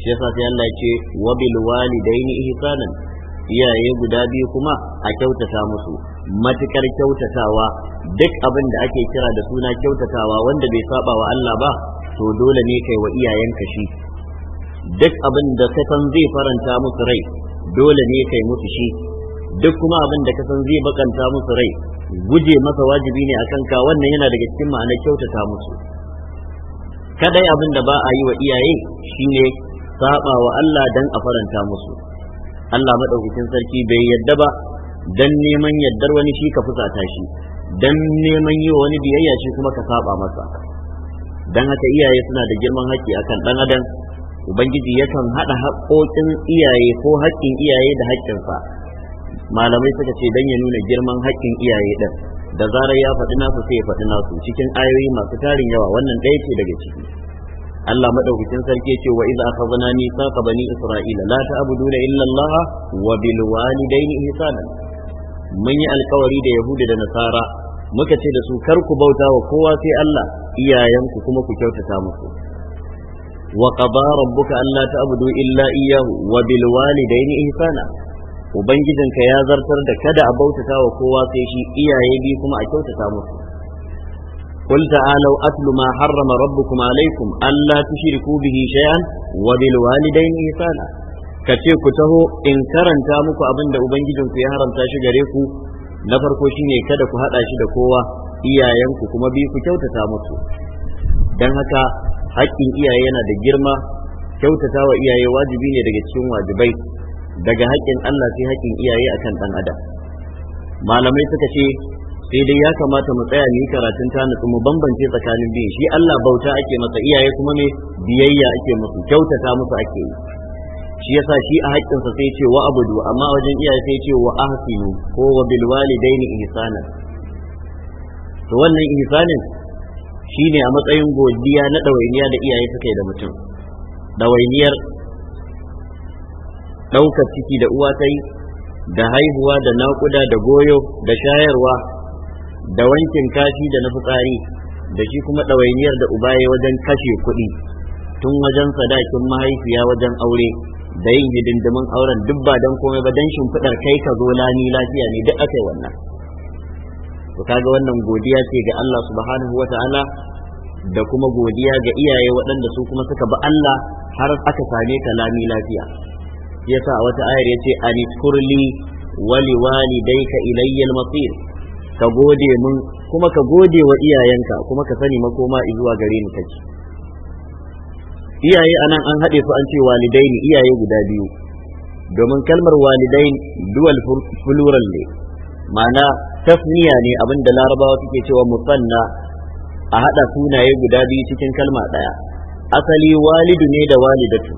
shi sai Allah ya ce wa bil walidaini ihsanan iyaye guda biyu kuma a kyautata musu matukar kyautatawa duk abin da ake kira da suna kyautatawa wanda bai saba wa Allah ba to dole ne kai wa iyayenka shi duk abin da ka san zai faranta musu rai dole ne kai musu shi duk kuma abin da ka san zai bakanta musu rai guje masa wajibi ne akan ka wannan yana daga cikin ma'anar kyautata musu kadai abin da ba a yi wa iyaye shine saba wa Allah dan a faranta musu Allah madaukakin sarki bai yadda ba dan neman yaddar wani shi ka fusata shi dan neman yi wani biyayya shi kuma ka saba masa dan haka iyaye suna da girman haƙƙi akan dan adam ubangiji yakan haɗa haƙoƙin iyaye ko haƙƙin iyaye da haƙƙinsa malamai suka ce dan ya nuna girman haƙƙin iyaye din da zarar ya faɗi nasu sai ya faɗi nasu cikin ayoyi masu tarin yawa wannan ɗaya ce daga ciki Allah madaukakin sarki yace wa idza akhadna mithaqa bani isra'ila la ta'buduna illa Allah wa bil walidayni ihsana mun yi alkawari da yahudi da nasara muka ce da su kar ku bauta wa kowa sai Allah iyayenku kuma ku kyautata musu wa qada rabbuka alla ta'budu illa iyyahu wa bil walidayni ihsana ubangijinka ya zartar da kada a bautata wa kowa sai shi iyaye bi kuma a kyautata musu قل تعالوا أتل ما حرم ربكم عليكم ألا تشركوا به شيئا وبالوالدين إحسانا kace ku taho in karanta muku abin da ubangijinku ya haramta shi gare ku na farko shine kada ku hada shi da kowa iyayenku kuma bi ku kyautata musu dan haka haƙƙin iyaye yana da girma kyautata wa iyaye wajibi ne daga cikin wajibai daga haƙƙin Allah sai haƙƙin iyaye akan dan adam malamai suka ce sai dai ya kamata mu tsaya ni karatun ta nutsu mu bambance tsakanin biyu shi Allah bauta ake masa iyaye kuma ne biyayya ake musu kyautata musu ake yi shi yasa shi a haƙƙinsa sai ce wa abudu amma wajen iyaye sai ce wa ahsinu ko wa bil walidaini ihsana to wannan ihsanin shine a matsayin godiya na ɗawainiya da iyaye suka yi da mutum ɗawainiyar ɗaukar ciki da uwa ta yi da haihuwa da naƙuda da goyo da shayarwa da wankin kashi da na fitsari da shi kuma ɗawainiyar da uba ya wajen kashe kuɗi tun wajen sadakin mahaifiya wajen aure da yin hidindimin auren duk ba don komai ba don shimfiɗar kai ka zo lani lafiya ne duk aka yi wannan to kaga wannan godiya ce ga Allah subhanahu wa ta'ala da kuma godiya ga iyaye waɗanda su kuma suka bi Allah har aka same ka lami lafiya yasa wata ayar yace anikurli wali walidayka ilayyal masir ka gode mun kuma ka gode wa iyayenka kuma ka sani makoma zuwa gare ni kake iyaye anan an haɗe su an ce walidaini iyaye guda biyu domin kalmar walidai dual plural ne ma'ana tasniya ne abinda larabawa suke cewa musanna a haɗa sunaye guda biyu cikin kalma ɗaya asali walidu ne da walidatu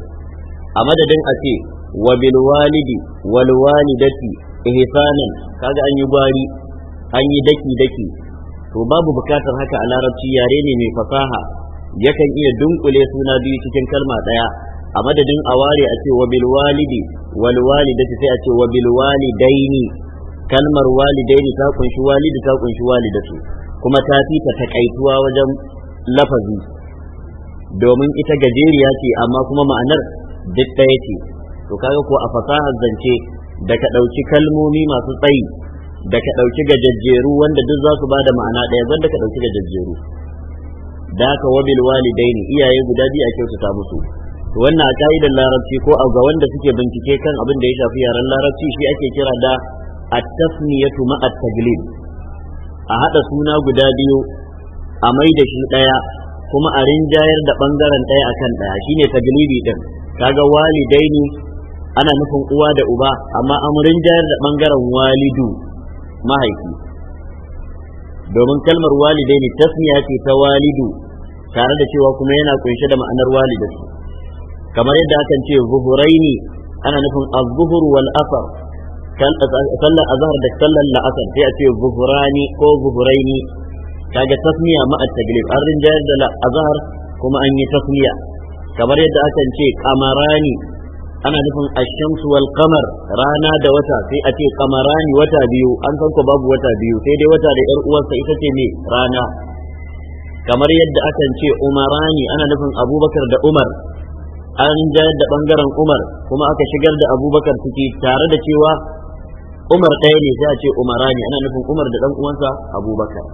a madadin a ce wa bil walidi wal walidati ihsanan kaga an yi gwari an yi daki-daki to babu bukatar haka a larabci yare ne mai fasaha yakan iya dunkule suna biyu cikin kalma ɗaya a madadin a ware a ce wa walidi wal sai a ce wa walidaini kalmar walidaini ta kunshi walidi ta kunshi walidatu kuma ta fi ta takaituwa wajen lafazi domin ita gajeriya ce amma kuma ma'anar duk ɗaya ce to kaga ko a fasahar zance da ka ɗauki kalmomi masu tsayi da ka ɗauki gajajjeru wanda duk za su ba da ma'ana ɗaya zan da ka ɗauki gajajjeru da ka wabil walidaini iyaye guda biyu a kyautata musu wannan a ka'idar larabci ko a ga wanda suke bincike kan abin da ya shafi yaren larabci shi ake kira da at-tasniyatu ma a hada suna guda biyu a mai da shi ɗaya kuma a rinjayar da bangaren ɗaya akan ɗaya, shine taglibi din kaga walidaini ana nufin uwa da uba amma amurin jayar da bangaren walidu mahaifi domin kalmar walidai ne tasniya ce ta walidu tare da cewa kuma yana kunshe da ma'anar walidarsu kamar yadda akan ce zuhuraini ana nufin az-zuhur wal asr sallar azhar da sallar la'asar sai a ce zuhurani ko zuhuraini kaga tasmiya ma at-taglib an rinjayar da azhar kuma an yi tasmiya kamar yadda akan ce kamarani ana nufin ashamsu wal kamar rana da wata sai a ce kamarani wata biyu an san ko babu wata biyu sai dai wata da yar uwarsa ita ce ne rana kamar yadda akan ce umarani ana nufin abubakar da umar an jayar da bangaren umar kuma aka shigar da abubakar ciki tare da cewa umar ɗaya ne sai a ce umarani ana nufin umar da ɗan uwansa abubakar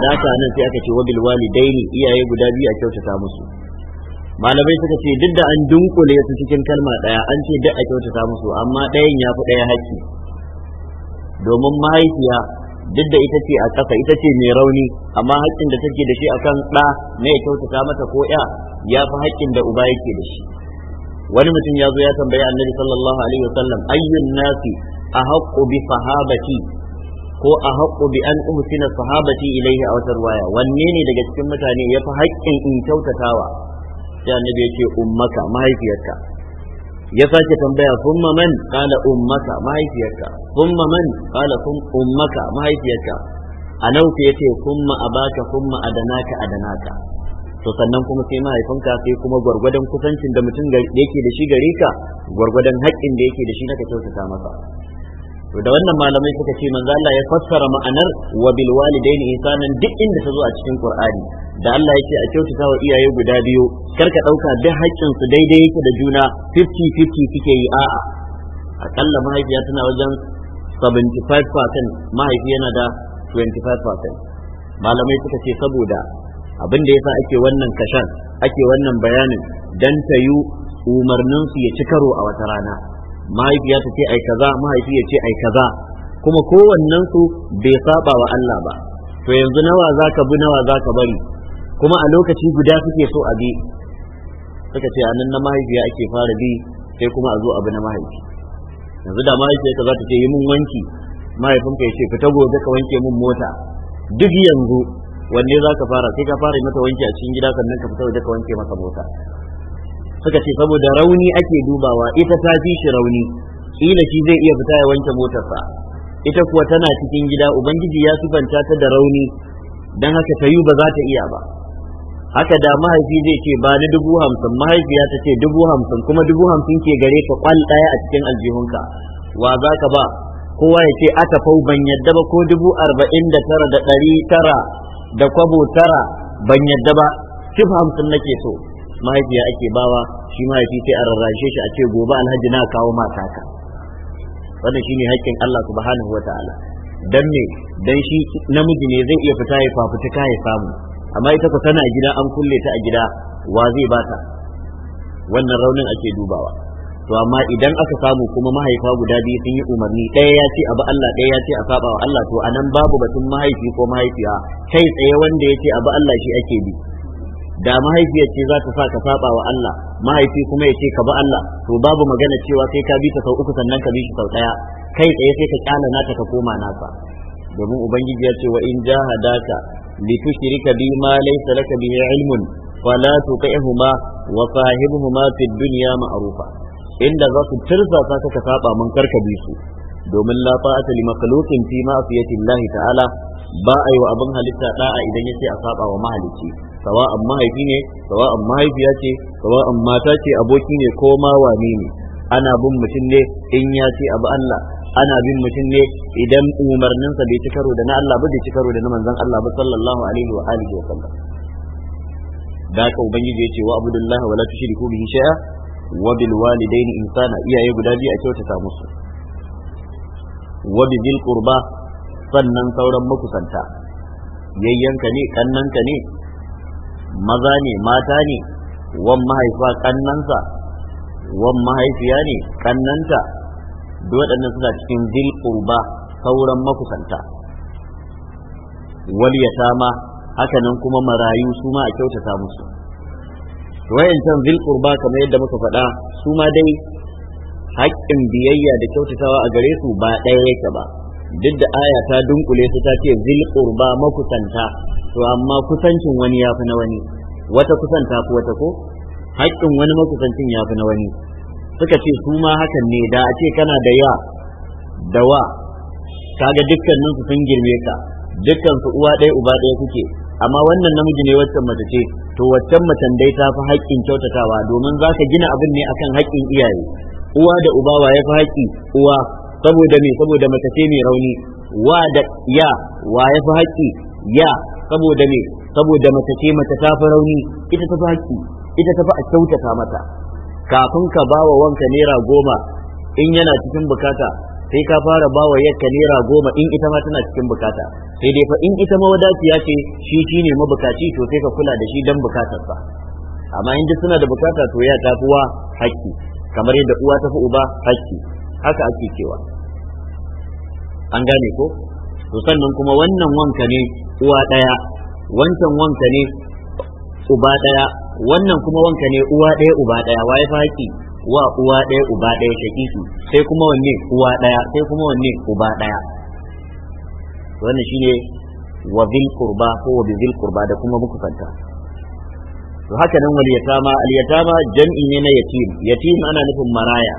da ta nan sai aka ce wabil walidaini iyaye guda biyu a kyautata musu malamai suka ce duk da an dunkule su cikin kalma ɗaya an ce duk a kyautata musu amma ɗayan ya fi ɗaya haƙƙi domin mahaifiya duk da ita ce a ƙasa ita ce mai rauni amma haƙƙin da take da shi akan ɗa na ya kyautata mata ko ya ya fi haƙƙin da uba yake da shi wani mutum ya zo ya tambayi annabi sallallahu alaihi wasallam ayyun nasi a haƙƙo bi sahabati ko a haƙƙo bi an umsina sahabati ilaihi a wata ruwaya wanne ne daga cikin mutane ya fi haƙƙin in kyautatawa sai annabi yake ummaka mahaifiyarka ya sake tambaya thumma man qala ummaka mahaifiyarka thumma man qala ummaka mahaifiyarka anau ku yace thumma abaka thumma adanaka adanaka to sannan kuma sai mahaifinka sai kuma gwargwadon kusancin da mutum da yake da shi gare ka gwargwadon haƙƙin da yake da shi naka kyautata masa da wannan malamai suka ce manzo Allah ya fassara ma'anar wa bil walidaini ihsanan duk inda ta zo a cikin Qur'ani da Allah yake a kyautata wa iyaye guda biyu kar ka dauka duk haƙƙin su daidai yake da juna 50-50 kike yi a'a akalla mahaifiya tana wajen 75% mahaifi yana da 25% malamai suka ce saboda abin da yasa ake wannan kashan ake wannan bayanin dan ta yi umarninsu ya ci karo a wata rana mahaifiya ta ce ai kaza mahaifi ya ce ai kaza kuma kowannen su bai saba wa Allah ba to yanzu nawa zaka bi nawa zaka bari kuma a lokaci guda suke so a bi suka ce anan na mahaifiya ake fara bi sai kuma a zo abu na mahaifi yanzu da mahaifiyarka za ta ce yi mun wanki mahaifinka ya ce fita gobe ka wanke mun mota duk yanzu wanne za ka fara sai ka fara mata wanki a cikin gida sannan ka fita waje ka wanke masa mota suka ce saboda rauni ake dubawa ita ta fi shi rauni kila shi zai iya fita ya wanke motarsa ita kuwa tana cikin gida ubangiji ya sufanta ta da rauni don haka ta yi ba za ta iya ba haka da mahaifi zai ce ba ni dubu hamsin mahaifiya ta ce dubu hamsin kuma dubu hamsin ke gare ka kwal ɗaya a cikin aljihunka wa za ka ba kowa ya ce aka fau ban yadda ba ko dubu arba'in da tara da ɗari tara da kwabo tara ban yadda ba cif hamsin nake so mahaifiya ake bawa shi mahaifi sai a rarrashe shi a ce gobe alhaji na kawo mataka. kaka wannan shine haƙƙin Allah subhanahu wataala dan me dan shi namiji ne zai iya fita ya fafutuka ya samu amma ita ku tana gida an kulle ta a gida wa zai ba ta? wannan raunin ake dubawa to amma idan aka samu kuma mahaifa guda biyu sun yi umarni ɗaya ya ce abu Allah ɗaya ya ce a saba Allah to anan babu batun mahaifi ko mahaifiya kai tsaye wanda ya ce abu Allah shi ake bi da mahaifiyar ce za ta sa ka saba wa Allah mahaifi kuma ya ce ka bi Allah to babu magana cewa sai ka bi ta sau uku sannan ka bi shi sau daya kai tsaye sai ka kyala nata ka koma nasa domin ubangiji ya ce wa in jahadaka litushrika bi ma laysa laka bihi ilmun fala tuqihuma wa sahibuhuma fid dunya ma'rufa inda za su tirsa ka ka saba mun karka bi su domin la ta'ata li makhluqin fi ma'siyati Allah ta'ala ba a yi wa abin halitta da'a idan ya ce a saba wa mahalicci sawa'an mahaifi ne sawa'an mahaifiya ce sawa'an mata ce aboki ne ko ma wane ne ana bin mutum ne in ya ce abu Allah ana bin mutum ne idan umarninsa bai ci karo da na Allah ba bai ci karo da na manzon Allah ba sallallahu alaihi wa alihi wa sallam da ka ubangiji ya ce wa abdullah wala tushriku bihi shay'a wa bil walidaini insana iyaye guda biyu a kyautata musu wa bizil qurba sannan sauran makusanta yayyanka ne kannanka ne maza ne mata ne wan mahaifa kannansa wan mahaifiya ne kannanta duk waɗannan suna cikin dil qurba sauran makusanta wal yatama haka nan kuma marayu su ma a kyautata musu wayancan zil qurba kamar yadda muka faɗa su ma dai haƙƙin biyayya da kyautatawa a gare su ba ɗaya yake ba duk da aya ta dunkule su ta ce zil qurba makusanta to amma kusancin wani ya fi na wani wata kusanta ko wata ko haƙƙin wani makusancin ya fi na wani suka ce su ma hakan ne da a ce kana da ya da wa kaga nan su sun girme ka dukkan su uwa ɗaya uba ɗaya kuke amma wannan namiji ne waccan mace ce to waccan macen dai ta fi haƙƙin kyautatawa domin za ka gina abin ne akan haƙƙin iyaye uwa da uba wa ya fi haƙƙi uwa saboda me saboda mace ce mai rauni wa da ya wa ya fi haƙƙi ya saboda me saboda mace ce mace ta fi rauni ita ta baki ita ta fi a kyautata mata kafin ka bawa wanka naira goma in yana cikin bukata sai ka fara bawa yanka naira goma in ita ma tana cikin bukata sai dai fa in ita ma wadaciya ce shi ne mabukaci to sai ka kula da shi dan sa amma in duk suna da bukata to ya tafuwa hakki kamar yadda uwa ta fi uba hakki haka ake cewa an gane ko to sannan kuma wannan wanka ne uwa ɗaya wancan wanka ne uba ɗaya wannan kuma wanka ne uwa ɗaya uba ɗaya waye faki wa uwa ɗaya uba ɗaya shaƙiƙi sai kuma wanne uwa ɗaya sai kuma wanne uba ɗaya wannan shine wa bil qurba ko wa bil qurba da kuma muku kanta to haka nan wal yatama al yatama jam'i ne na yatim yatim ana nufin maraya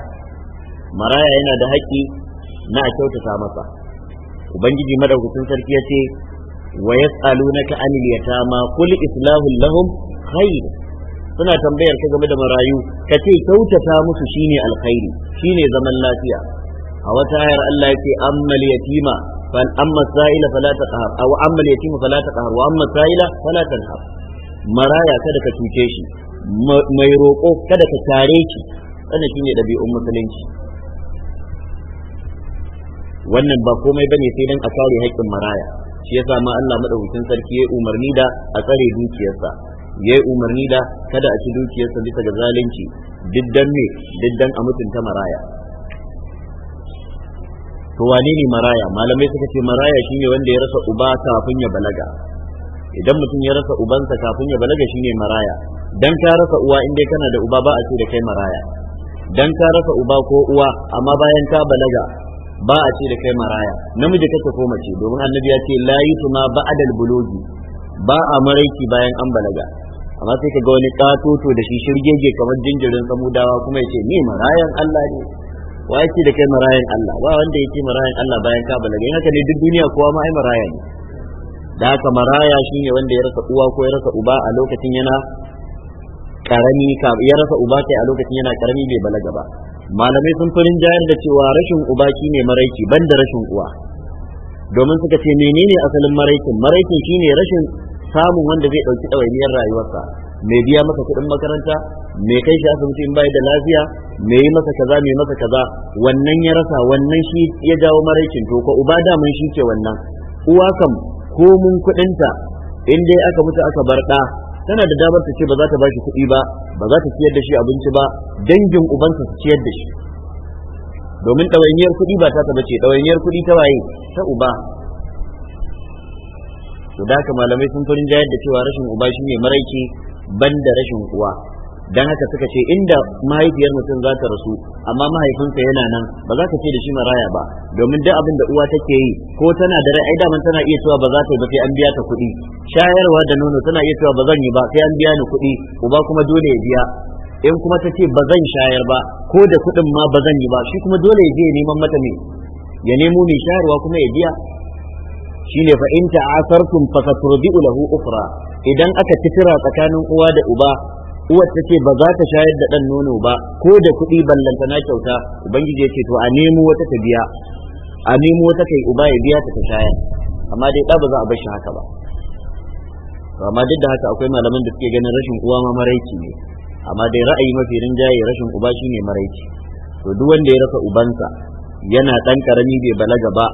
maraya yana da haƙƙi na a kyautata masa ubangiji madaukakin sarki ya ce wa ya yas'alunaka anil yatama qul islahul lahum khair suna tambayar ka game da marayu ka ce kyautata musu shine alkhairi shine zaman lafiya a wata ayar Allah ya ammal yatima fal amma sa'ila fala taqhar aw ammal yatima fala taqhar wa amma sa'ila fala tanhar maraya kada ka cuce shi mai roƙo kada ka tare shi wannan shine dabi'un musulunci wannan ba komai bane sai dan a kare haƙƙin maraya shi yasa ma Allah madaukakin sarki ya umarni da a tsare dukiyarsa ya yi umarni da kada a ci dukiyarsa bisa ga zalunci diddan ne diddan a mutunta maraya to wane ne maraya malamai suka ce maraya shine wanda ya rasa uba kafin ya balaga idan mutum ya rasa ubansa kafin ya balaga shine maraya dan ka rasa uwa inda kana da uba ba a ce da kai maraya dan ka rasa uba ko uwa amma bayan ka balaga ba a ce da kai maraya namiji kake ko mace domin annabi ya ce la yutu ma ba'dal bulugi ba a maraiki bayan an balaga amma sai ka ga wani katoto da shi shirgege kamar jinjirin samudawa kuma yace ce ni marayan Allah ne wa yake da kai marayan Allah ba wanda yake marayan Allah bayan ka balaga in haka ne duk duniya kowa ma ai maraya ne da haka maraya shine wanda ya rasa uwa ko ya rasa uba a lokacin yana karami ya rasa uba kai a lokacin yana karami bai balaga ba malamai sun farin jayar da cewa rashin uba ne maraiki ban da rashin uwa domin suka ce menene asalin maraikin maraikin shine rashin samun wanda zai ɗauki ɗawainiyar rayuwarsa mai biya masa kuɗin makaranta mai kai shi asibiti in bai da lafiya mai yi masa kaza mai masa kaza wannan ya rasa wannan shi ya jawo maraicin to ko uba da mun shi ke wannan uwa kam ko mun kuɗinta in dai aka mutu aka bar tana da damar ta ce ba za ta bashi kuɗi ba ba za ta ciyar da shi abinci ba dangin ubansa su ciyar da shi domin ɗawainiyar kuɗi ba ta ce, ɗawainiyar kuɗi ta waye ta uba to da haka malamai sun farin jayar da cewa rashin uba shi shine ban banda rashin uwa dan haka suka ce inda mahaifiyar mutum za ta rasu amma mahaifinsa yana nan ba za ka ce da shi maraya ba domin duk abin da uwa take yi ko tana da rai daman tana iya cewa ba za ta yi ba sai an biya ta kuɗi shayarwa da nono tana iya cewa ba zan yi ba sai an biya ni kuɗi uba kuma dole ya biya in kuma ta ce ba zan shayar ba ko da kuɗin ma ba zan yi ba shi kuma dole ya je neman mata ne ya nemo mai shayarwa kuma ya biya shine fa in ta'asartum fasaturdi'u lahu ukhra idan aka titira tsakanin uwa da uba uwar ta ce ba za ta shayar da dan nono ba ko da kuɗi ballanta na kyauta ubangiji ya to a nemo wata ta biya a nemo wata kai uba ya biya ta ta shayar amma dai da ba za a bar shi haka ba amma duk da haka akwai malaman da suke ganin rashin uwa ma maraici ne amma dai ra'ayi mafi rinjaye rashin uba shine maraici to duk wanda ya rasa ubansa yana ɗan karami bai balaga ba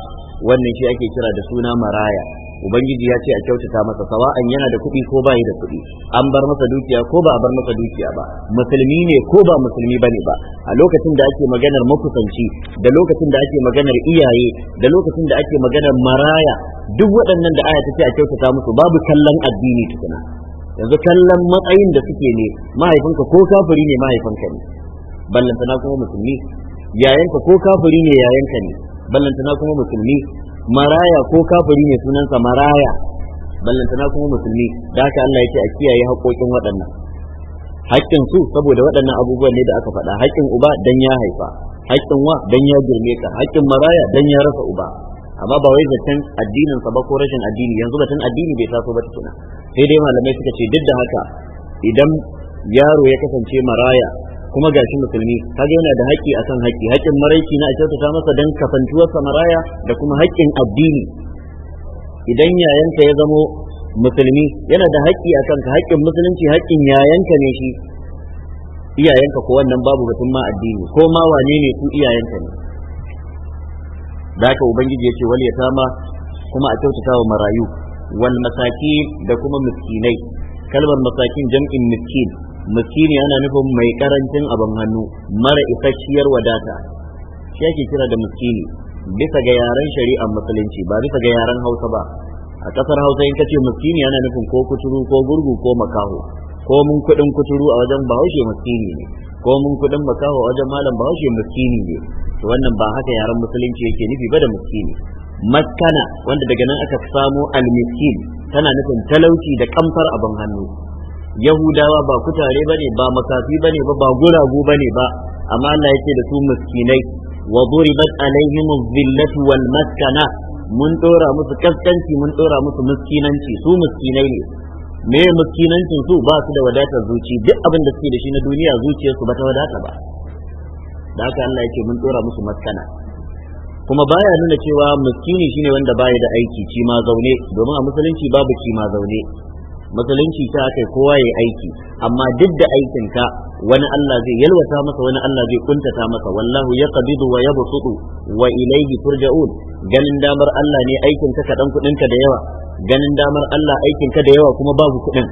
wannan shi ake kira da suna maraya ubangiji ya ce a kyautata masa sawa'an yana da kuɗi ko bai da kuɗi an bar masa dukiya ko ba a bar masa dukiya ba musulmi ne ko ba musulmi bane ba a lokacin da ake maganar makusanci da lokacin da ake maganar iyaye da lokacin da ake maganar maraya duk waɗannan da aya ta ce a kyautata musu babu kallon addini tukuna yanzu kallon matsayin da suke ne mahaifinka ko kafiri ne mahaifinka ne ballantana kuma musulmi yayanka ko kafiri ne yayanka ne ballantana kuma musulmi maraya ko kafiri ne sunansa maraya ballantana kuma musulmi da haka Allah yake a kiyaye haƙoƙin waɗannan haƙƙin su saboda waɗannan abubuwan ne da aka faɗa haƙƙin uba dan ya haifa haƙƙin wa dan ya girme ka haƙƙin maraya dan ya rasa uba amma ba wai zaton addinin sa ba ko rashin addini yanzu batun addini bai taso ba tukuna sai dai malamai suka ce duk da haka idan yaro ya kasance maraya kuma ga shi musulmi kaga yana da haƙƙi akan haƙƙi haƙƙin maraiki na a kyautata masa don kasantuwar samaraya da kuma haƙƙin addini idan yayanka ya zamo musulmi yana da haƙƙi akan ka haƙƙin musulunci haƙƙin yayanka ne shi iyayenka ko wannan babu batun ma addini ko ma wane ne su iyayenka ne da haka ubangiji ya ce wal yatama kuma a kyautata wa marayu wal masakin da kuma miskinai kalmar masakin jam'in miskin miskini ana nufin mai karancin abin hannu mara isasshiyar wadata shi ake kira da miskini bisa ga yaren shari'ar musulunci ba bisa ga yaren hausa ba a kasar hausa in kace miskini ana nufin ko kuturu ko gurgu ko makaho ko mun kudin kuturu a wajen bahaushe miskini ne ko mun kudin makaho a wajen malam bahaushe miskini ne to wannan ba haka yaren musulunci yake nufi ba da miskini maskana wanda daga nan aka samo almiskin tana nufin talauci da kamfar abin hannu yahudawa ba kutare bane ba makafi bane ba ba guragu bane ba amma Allah yake da su miskinai wa duribat alaihim zillatu wal maskana mun dora musu kaskanci mun dora musu miskinanci su miskinai ne me miskinancin su ba su da wadatar zuci duk abin da suke da shi na duniya zuciyarsu ba ta wadata ba da haka Allah yake mun dora musu maskana kuma baya nuna cewa miskini shine wanda baya da aiki cima ma zaune domin a musulunci babu cima ma zaune musulunci ta kai kowa ya aiki amma duk da aikin ka wani Allah zai yalwata masa wani Allah zai kuntata masa wallahu yaqbidu wa yabsutu wa ilayhi turja'un ganin damar Allah ne aikin ka kadan kudin ka da yawa ganin damar Allah aikin ka da yawa kuma babu kudin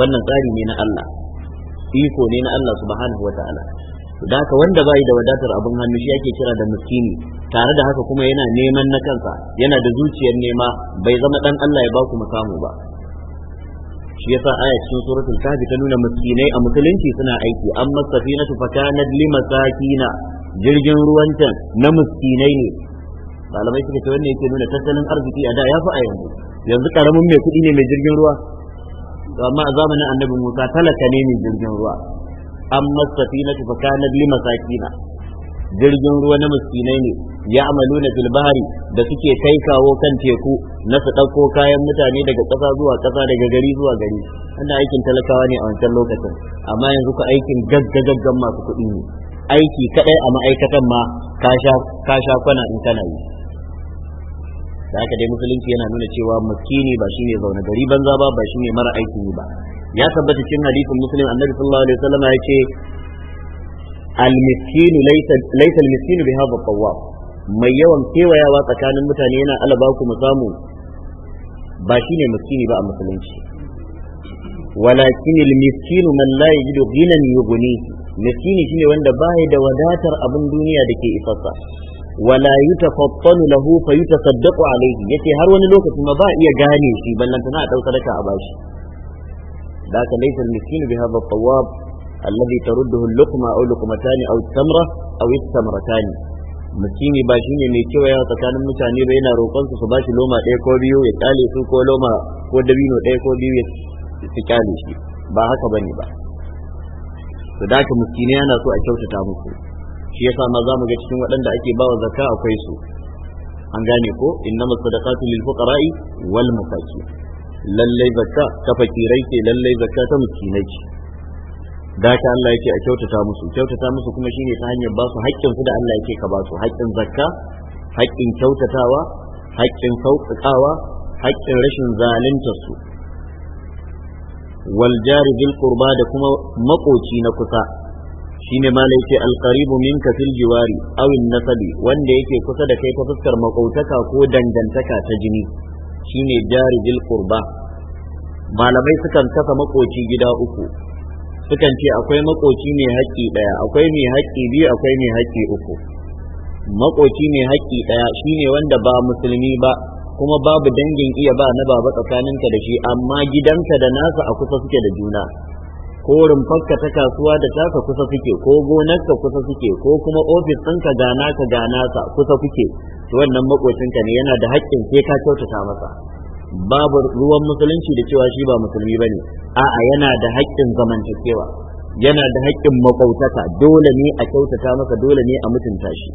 wannan tsari ne na Allah iko ne na Allah subhanahu wataala da haka wanda bai da wadatar abin hannu shi ake kira da miskini tare da haka kuma yana neman na kansa yana da zuciyar nema bai zama dan Allah ya baku mukamu ba shi yasa aya cikin suratul kahfi ta nuna miskinai a musulunci suna aiki amma safinatu fakanat limasakina jirgin ruwan can na miskinai ne malamai suka ce wannan yake nuna tattalin arziki a da ya fi a yanzu yanzu karamin mai kuɗi ne mai jirgin ruwa amma a zamanin annabi Musa talaka ne mai jirgin ruwa amma safinatu fakanat limasakina jirgin ruwa na muskinai ne ya amalu na filbari da suke kai kawo kan teku na su ɗauko kayan mutane daga ƙasa zuwa ƙasa daga gari zuwa gari Ana aikin talakawa ne a wancan lokacin amma yanzu ka aikin gaggagaggan masu kuɗi ne aiki kaɗai a ma'aikatan ma ka sha kwana in kana yi da haka dai musulunci yana nuna cewa muskini ba shi ne zaune gari banza ba ba ne mara aikin yi ba ya tabbata cikin hadisin muslim annabi sallallahu alaihi wasallam ya ce almiskinu laysa almiskinu bi hadha tawaf mai yawan kewayawa tsakanin mutane yana alaba ku ba shine miskini ba a musulunci walakin almiskinu man la yajidu ghinan yughni miskini shine wanda baya da wadatar abin duniya da ke isassa wala yutafattanu lahu fa yutasaddaqu alayhi yace har wani lokaci ma ba iya gane shi ballan tana a dauka daka a bashi da ka alladhi tarudduhu al-luqma aw luqmatan aw tamra aw tamratan mutumi ba shine mai cewa ya tsakanin mutane ba yana roƙon su su bashi loma ɗaya ko biyu ya kyale su ko dabino ɗaya ko biyu ya su shi ba haka bane ba to da ka miskine yana so a kyautata musu shi yasa ma zamu ga cikin waɗanda ake bawa zakka akwai su an gane ko wal lallai zakka ta lallai zakka ta miskinai da ka Allah yake a kyautata musu kyautata musu kuma shine ta hanyar ba su haƙƙin su da Allah yake ka ba su haƙƙin zakka haƙƙin kyautatawa haƙƙin sauƙaƙawa haƙƙin rashin zalunta su wal jari bil qurba da kuma makoci na kusa shine ma la yake al qaribu minka fil jiwari aw in nasabi wanda yake kusa da kai ta fuskar makautaka ko dangantaka ta jini shine jari bil qurba malamai sukan kasa makoci gida uku sukan ce akwai makoci mai haƙƙi ɗaya akwai mai haƙƙi biyu akwai mai haƙƙi uku makoci mai haƙƙi ɗaya shine wanda ba musulmi ba kuma babu dangin iya ba na baba tsakaninka da shi amma gidanka da nasa a kusa suke da juna ko rumfarka ta kasuwa da taka kusa suke ko gonarka kusa suke ko kuma ofis ɗinka gana ka gana sa kusa kuke wannan makocinka ne yana da haƙƙin sai ka kyautata masa babu ruwan musulunci da cewa shi ba musulmi bane a'a yana da haƙƙin zamantakewa yana da haƙƙin makautaka dole ne a kyautata masa dole ne a mutunta shi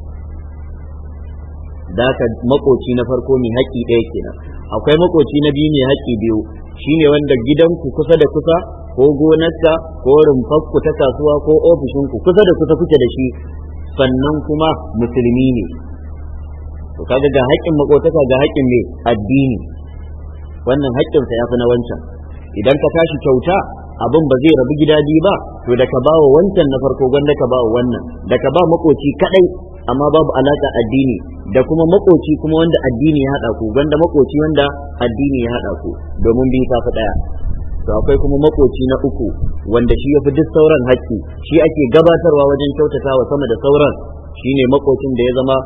da ka makoci na farko ne haƙƙi ɗaya kenan akwai makoci na biyu mai haƙƙi biyu shine wanda gidanku kusa da kusa ko gonarka ko rumfarku ta kasuwa ko ofishinku kusa da kusa kuke da shi sannan kuma musulmi ne to kaga ga haƙƙin makotaka ga haƙƙin mai addini wannan haƙƙinsa ya fi na wancan idan ka tashi kyauta abin ba zai rabu gida biyu ba to da ka ba wa wancan na farko gwanda ka ba wa wannan da ka ba makoci kadai amma babu alaka addini da kuma makoci kuma wanda addini ya hada ku gwanda makoci wanda addini ya hada ku domin biyu ta fi daya to akwai kuma makoci na uku wanda shi yafi duk sauran haƙƙi shi ake gabatarwa wajen kyautatawa sama da sauran shine makocin da ya zama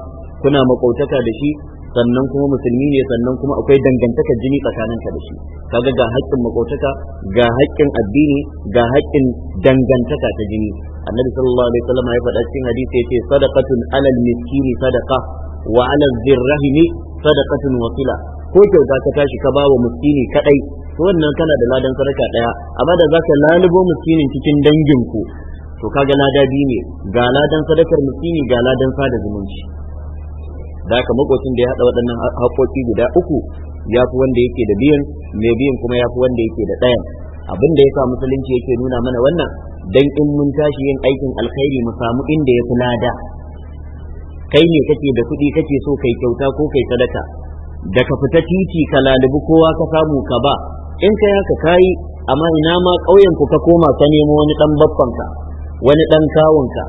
kuna makautaka da shi sannan kuma musulmi ne sannan kuma akwai dangantakar jini tsakaninka da shi kaga ga haƙƙin makotaka ga haƙƙin addini ga haƙƙin dangantaka ta jini annabi sallallahu alaihi wasallam ya faɗa cikin hadisi yace sadaqatun alal miskini sadaqa wa alal dirrahimi sadaqatun wasila ko kyauta ka tashi ka bawa miskini kadai to wannan kana da ladan sadaka daya amma da zaka lalubo miskinin cikin danginku to kaga lada biyu ne ga ladan sadakar miskini ga ladan sada zumunci da haka makocin da ya haɗa waɗannan haƙoƙi guda uku ya fi wanda yake da biyan mai biyan kuma ya fi wanda yake da ɗayan abin da ya sa musulunci yake nuna mana wannan dan in mun tashi yin aikin alkhairi mu samu inda ya fi lada kai ne kake da kuɗi kake so kai kyauta ko kai sadaka da ka fita titi ka lalubi kowa ka samu ka ba in ka yaka kayi amma ina ma ƙauyen ku ka koma ka nemo wani ɗan baffanka wani ɗan kawunka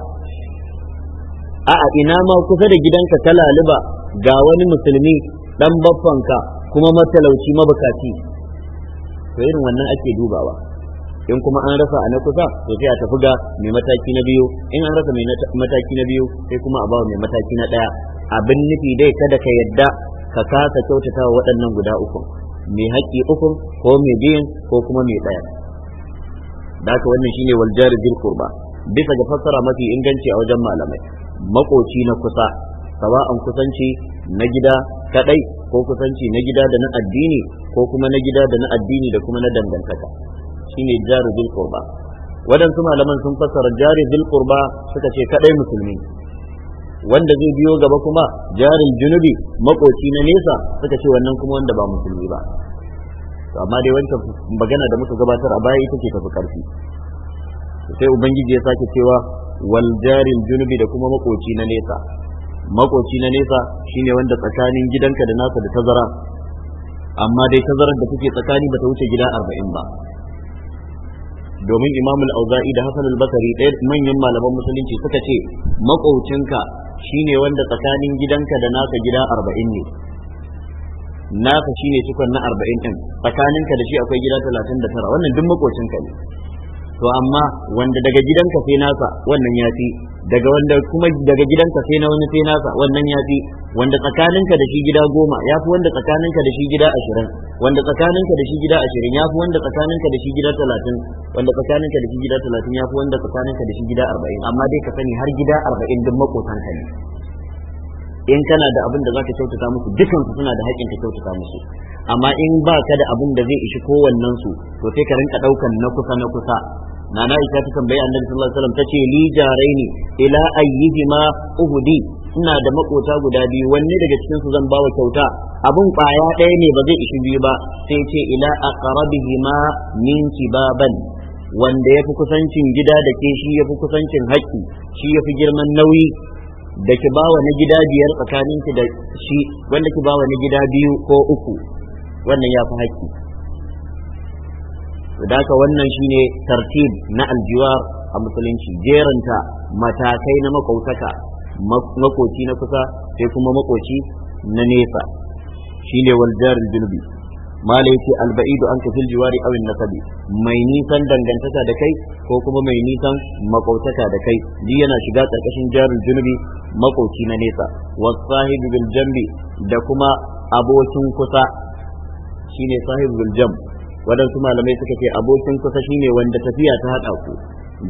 a'a ina ma kusa da gidanka ka laluba ga wani musulmi dan baffanka kuma matalauci mabukaci to irin wannan ake dubawa in kuma an rasa a na kusa to sai a tafi ga mai mataki na biyu in an rasa mai mataki na biyu sai kuma a bawa mai mataki na daya abin nufi dai kada ka yadda ka kasa kyautata wa waɗannan guda uku mai haƙƙi uku ko mai biyan ko kuma mai ɗaya da haka wannan shine waljar jirkurba kurba bisa ga fassara mafi inganci a wajen malamai makoci na kusa sawa'an kusanci na gida kadai ko kusanci na gida da na addini ko kuma na gida da na addini da kuma na dangantaka shine jaru bil qurba wadansu malaman sun fassara jari bil qurba suka ce kadai musulmi wanda zai biyo gaba kuma jarin junubi makoci na nesa suka ce wannan kuma wanda ba musulmi ba amma dai wancan magana da muka gabatar a baya ita ce tafi karfi sai ubangiji ya sake cewa wal jaril junubi da kuma makoci na nesa makoci na nesa shine wanda tsakanin gidanka da nasa da tazara amma dai tazarar da kuke tsakani bata wuce gida arba'in ba domin imam al-auza'i da hasan al-basri ɗaya manyan malaman musulunci suka ce makocinka shine wanda tsakanin gidanka da nasa gida arba'in ne nasa shine cikon na arba'in ɗin tsakaninka da shi akwai gida talatin da tara wannan duk makocinka ne to amma wanda daga gidanka sai nasa wannan ya fi daga wanda kuma daga gidanka sai na wani sai nasa wannan ya fi wanda tsakaninka da shi gida goma ya fi wanda tsakaninka da shi gida ashirin wanda tsakaninka da shi gida ashirin ya fi wanda tsakaninka da shi gida talatin wanda tsakaninka da shi gida talatin ya fi wanda tsakaninka da shi gida arba'in amma dai ka sani har gida arba'in duk makotanka ne in kana da abin da za ka kyautata musu dukansu suna da haƙƙin ka kyautata musu amma in ba ka da abin da zai ishi kowannensu to sai ka rinka ɗaukan na kusa na kusa nana Aisha ta tambayi Annabi sallallahu alaihi wasallam tace li jaraini ila ayyihima uhudi ina da makota guda biyu wanne daga cikin su zan bawa kyauta abun kwaya ɗaya ne ba zai ishi biyu ba sai ce ila aqrabihima min kibaban wanda yafi kusancin gida da ke shi yafi kusancin haƙƙi shi yafi girman nauyi da ki bawa na gida biyar tsakaninki da shi wanda ki bawa na gida biyu ko uku wannan yafi haƙƙi da wannan shine tartib na aljiwar a musulunci jeranta matakai na makautaka makoci na kusa sai kuma makoci na nesa shine wal jaril junubi mala alba'idu an kafil jiwari Awin, nasabi mai nisan dangantaka da kai ko kuma mai nisan makautaka da kai duk yana shiga karkashin jarin junubi makoci na nesa Wasu bil jambi da kuma abokin kusa shine sahibul jamb waɗansu malamai suka ce abokin kusa shi ne wanda tafiya ta haɗa ku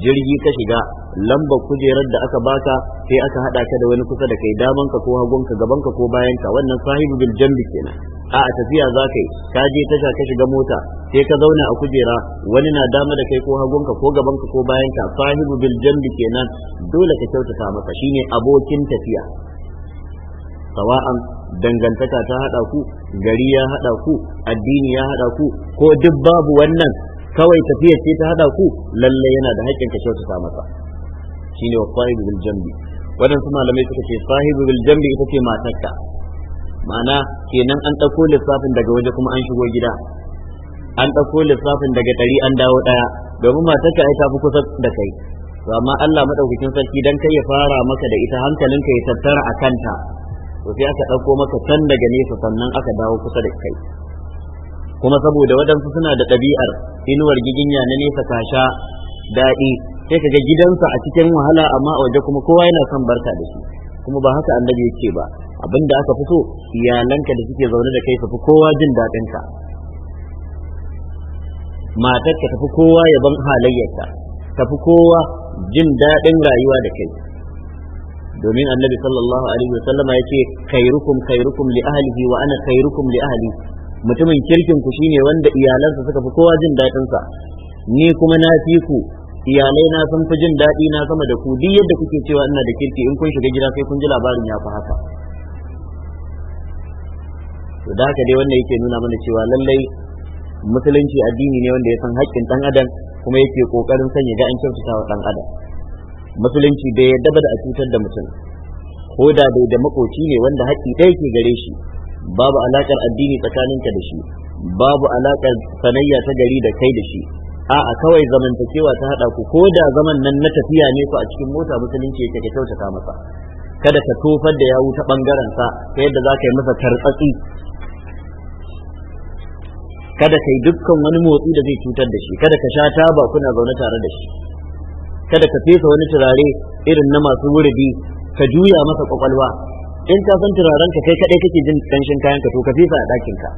jirgi ka shiga lambar kujerar da aka baka sai aka haɗa ka da wani kusa da kai daman ka ko hagun ka gaban ka ko bayan ka wannan sahibu bil jambi kenan a a tafiya za ka yi ka je tasha ka shiga mota sai ka zauna a kujera wani na dama da kai ko hagun ka ko gaban ka ko bayan ka sahibu bil jambi kenan dole ka kyautata masa shine abokin tafiya sawa'an dangantaka ta hada ku gari ya hada ku addini ya hada ku ko duk babu wannan kawai tafiyar ce ta hada ku lalle yana da haƙƙin ka kyautata masa shine wa sahibu bil jambi waɗansu malamai suka ce sahibu bil jambi ita ce matarka ma'ana kenan an ɗauko lissafin daga waje kuma an shigo gida an ɗauko lissafin daga ɗari an dawo ɗaya domin matarka ai ta fi kusa da kai amma Allah madaukakin sarki dan kai ya fara maka da ita hankalinka ya tattara a kanta to sai aka ɗauko maka can daga nesa sannan aka dawo kusa da kai kuma saboda waɗansu suna da ɗabi'ar inuwar giginya na nesa sha daɗi sai ka ga gidansa a cikin wahala amma a waje kuma kowa yana son barka da shi kuma ba haka annabi yake ba abinda aka fi so iyalanka da suke zaune da kai fi kowa jin daɗin ka matar ka tafi kowa yaban halayyarka tafi kowa jin daɗin rayuwa da kai domin annabi sallallahu alaihi wasallama yace khairukum khairukum li ahlihi wa ana khairukum li ahli mutumin kirkin ku shine wanda iyalansa suka fi kowa jin daɗin sa ni kuma na fi ku iyalai na san fi jin daɗi na sama da ku duk yadda kuke cewa ina da kirki in kun shiga gida sai kun ji labarin ya fi haka to da haka dai wannan yake nuna mana cewa lallai musulunci addini ne wanda ya san haƙƙin ɗan adam kuma yake ƙoƙarin sanya ga an kyautata wa ɗan adam musulunci bai yarda da a cutar da mutum ko da bai da makoci ne wanda haƙƙi ɗaya ke gare shi babu alaƙar addini tsakaninka da shi babu alaƙar sanayya ta gari da kai da shi a'a kawai zamantakewa ta haɗa ku ko da zaman nan na tafiya ne ku a cikin mota musulunci ya ka kyautata masa kada ka tofar da yawu ta ɓangaren sa ta yadda za ka yi masa tartsatsi kada ka yi dukkan wani motsi da zai cutar da shi kada ka sha taba kuna zaune tare da shi kada ka fesa wani turare irin na masu wuridi ka juya masa kwakwalwa in ka san turaren ka kai kadai kake jin kanshin kayan ka to ka fesa a dakin ka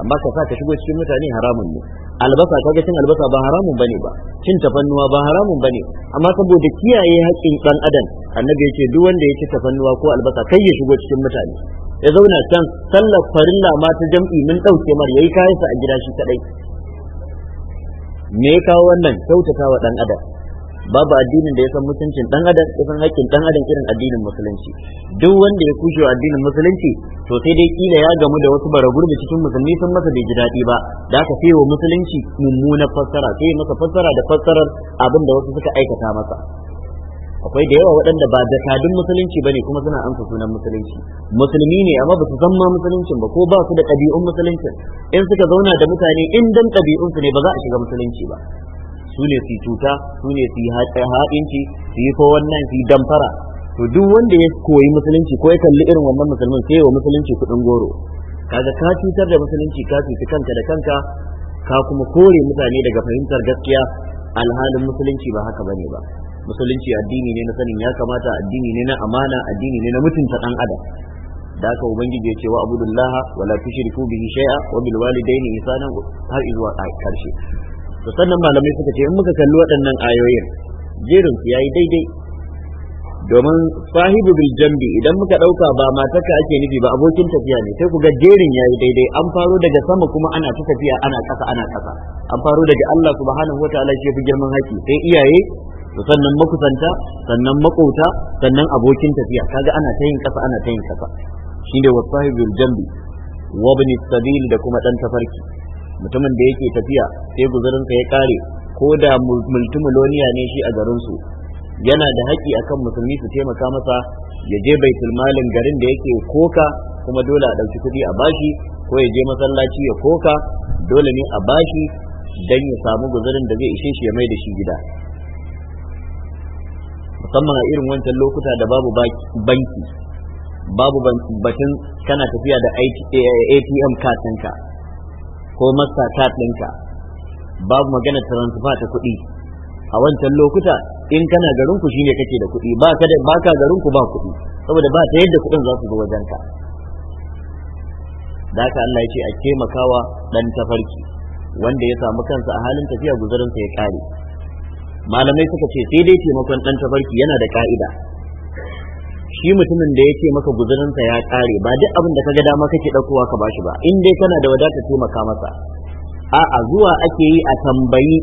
amma ka sa ka shigo cikin mutane haramun ne albasa kaga cin albasa ba haramun bane ba cin tafannuwa ba haramun bane amma saboda kiyaye haƙƙin dan adam annabi yace duk wanda ya ci tafannuwa ko albasa kai ya shigo cikin mutane ya zauna can sallar farilla ma ta jam'i mun dauke mar yayi kayansa a gida shi kadai me ya kawo wannan kyautatawa wa dan adam babu addinin da ya san mutuncin dan adam ya san haƙƙin dan adam irin addinin musulunci duk wanda ya kushe addinin musulunci to sai dai kila ya gamu da wasu bara gurbi cikin musulmi sun masa bai ji daɗi ba da aka fiye wa musulunci mummuna fassara sai masa fassara da fassarar abin da wasu suka aikata masa akwai da yawa waɗanda ba jakadun musulunci bane kuma suna amsa sunan musulunci musulmi ne amma ba su san ma musuluncin ba ko ba su da ɗabi'un musuluncin in suka zauna da mutane in dan ɗabi'un ne ba za a shiga musulunci ba su ne su cuta su ne su yi ha'inci su yi kowar nan su yi damfara to duk wanda ya koyi musulunci ko ya kalli irin wannan musulmin sai wa musulunci kuɗin goro kaga ka cutar da musulunci ka cuta kanka da kanka ka kuma kore mutane daga fahimtar gaskiya alhalin musulunci ba haka bane ba musulunci addini ne na sanin ya kamata addini ne na amana addini ne na mutunta dan adam da aka ubangiji ya ce wa abudullah wala tushriku bihi shay'a wa bil walidaini ihsanan har zuwa karshe to sannan malamai suka ce in muka kalli waɗannan ayoyin jirin su yayi daidai domin sahibu bil jambi idan muka ɗauka ba mataka ake nufi ba abokin tafiya ne sai ku ga jerin yayi daidai an faro daga sama kuma ana ta tafiya ana ƙasa ana ƙasa. an faro daga Allah subhanahu wataala shi fi girman haki sai iyaye to sannan makusanta sannan makauta sannan abokin tafiya kaga ana ta yin ƙasa ana ta yin ƙasa. shine wa sahibu bil jambi wa ibn sabil da kuma ɗan tafarki mutumin da yake tafiya sai guzurinsa ya kare ko da multimiloniya ne shi a garin su yana da haƙƙi akan musulmi su taimaka masa ya je baitul malin garin da yake koka kuma dole a ɗauki kuɗi a bashi ko ya je masallaci ya koka dole ne a bashi don ya samu guzurin da zai ishe shi ya mai da shi gida musamman a irin wancan lokuta da babu banki babu batun kana tafiya da atm katinka ko masa ta ɗinka babu magana transfer ta kuɗi a wancan lokuta in kana garinku shi ne kake da kuɗi ba ka ba ka ba kuɗi saboda ba ta yadda kuɗin za su zo wajen ka da haka Allah ya ce a taimakawa dan tafarki wanda ya samu kansa a halin tafiya guzarinsa ya ƙare? malamai suka ce sai dai taimakon ɗan tafarki yana da ƙa'ida. shi mutumin da ya ce maka guzurinsa ya kare ba duk abin da kaga dama kake ɗaukowa ka bashi ba in dai kana da wadata taimaka masa a'a zuwa ake yi a tambayi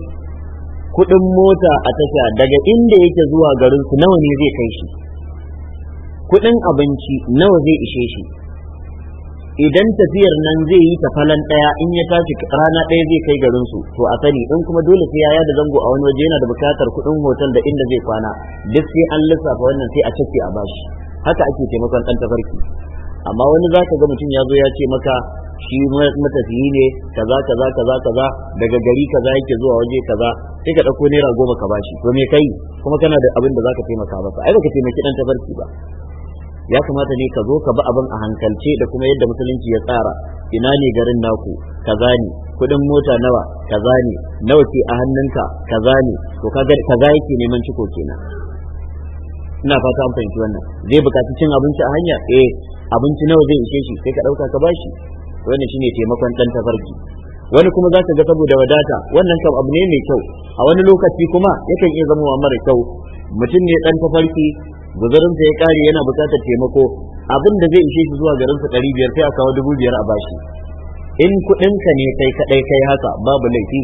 kuɗin mota a tasha daga inda yake zuwa garinsu nawa ne zai kai shi kuɗin abinci nawa zai ishe shi idan tafiyar nan zai yi ta falan daya in ya tashi rana daya zai kai garin su to a sani in kuma dole sai yaya da zango a wani waje yana da bukatar kudin hotel da inda zai kwana duk sai an lissafa wannan sai a cike a bashi haka ake taimakon dan tafarki amma wani zaka ga mutum ya zo ya ce maka shi matafiyi ne kaza kaza kaza kaza daga gari kaza yake zuwa waje kaza sai ka dauko naira goma ka bashi to me kai kuma kana da abin da zaka taimaka masa ai baka taimaki dan tafarki ba ya kamata ne ka zo ka bi abin a hankalce da kuma yadda musulunci ya tsara ina ne garin naku kaza ne kudin mota nawa kaza ne nawa ke a hannunka kaza ne to ka kaza yake neman ciko kenan ina fata an fahimci wannan zai bukaci cin abinci a hanya eh abinci nawa zai ishe shi sai ka dauka ka bashi wannan shine taimakon dan tafarki wani kuma za ka ga saboda wadata wannan kam abu ne mai kyau a wani lokaci kuma yakan iya zama mara kyau mutum ne dan tafarki guzarinsa ya kare yana bukatar taimako abin da zai ishe shi zuwa garinsa ɗari biyar sai a kawo dubu biyar a bashi in kuɗinka ne kai kaɗai kai haka babu laifi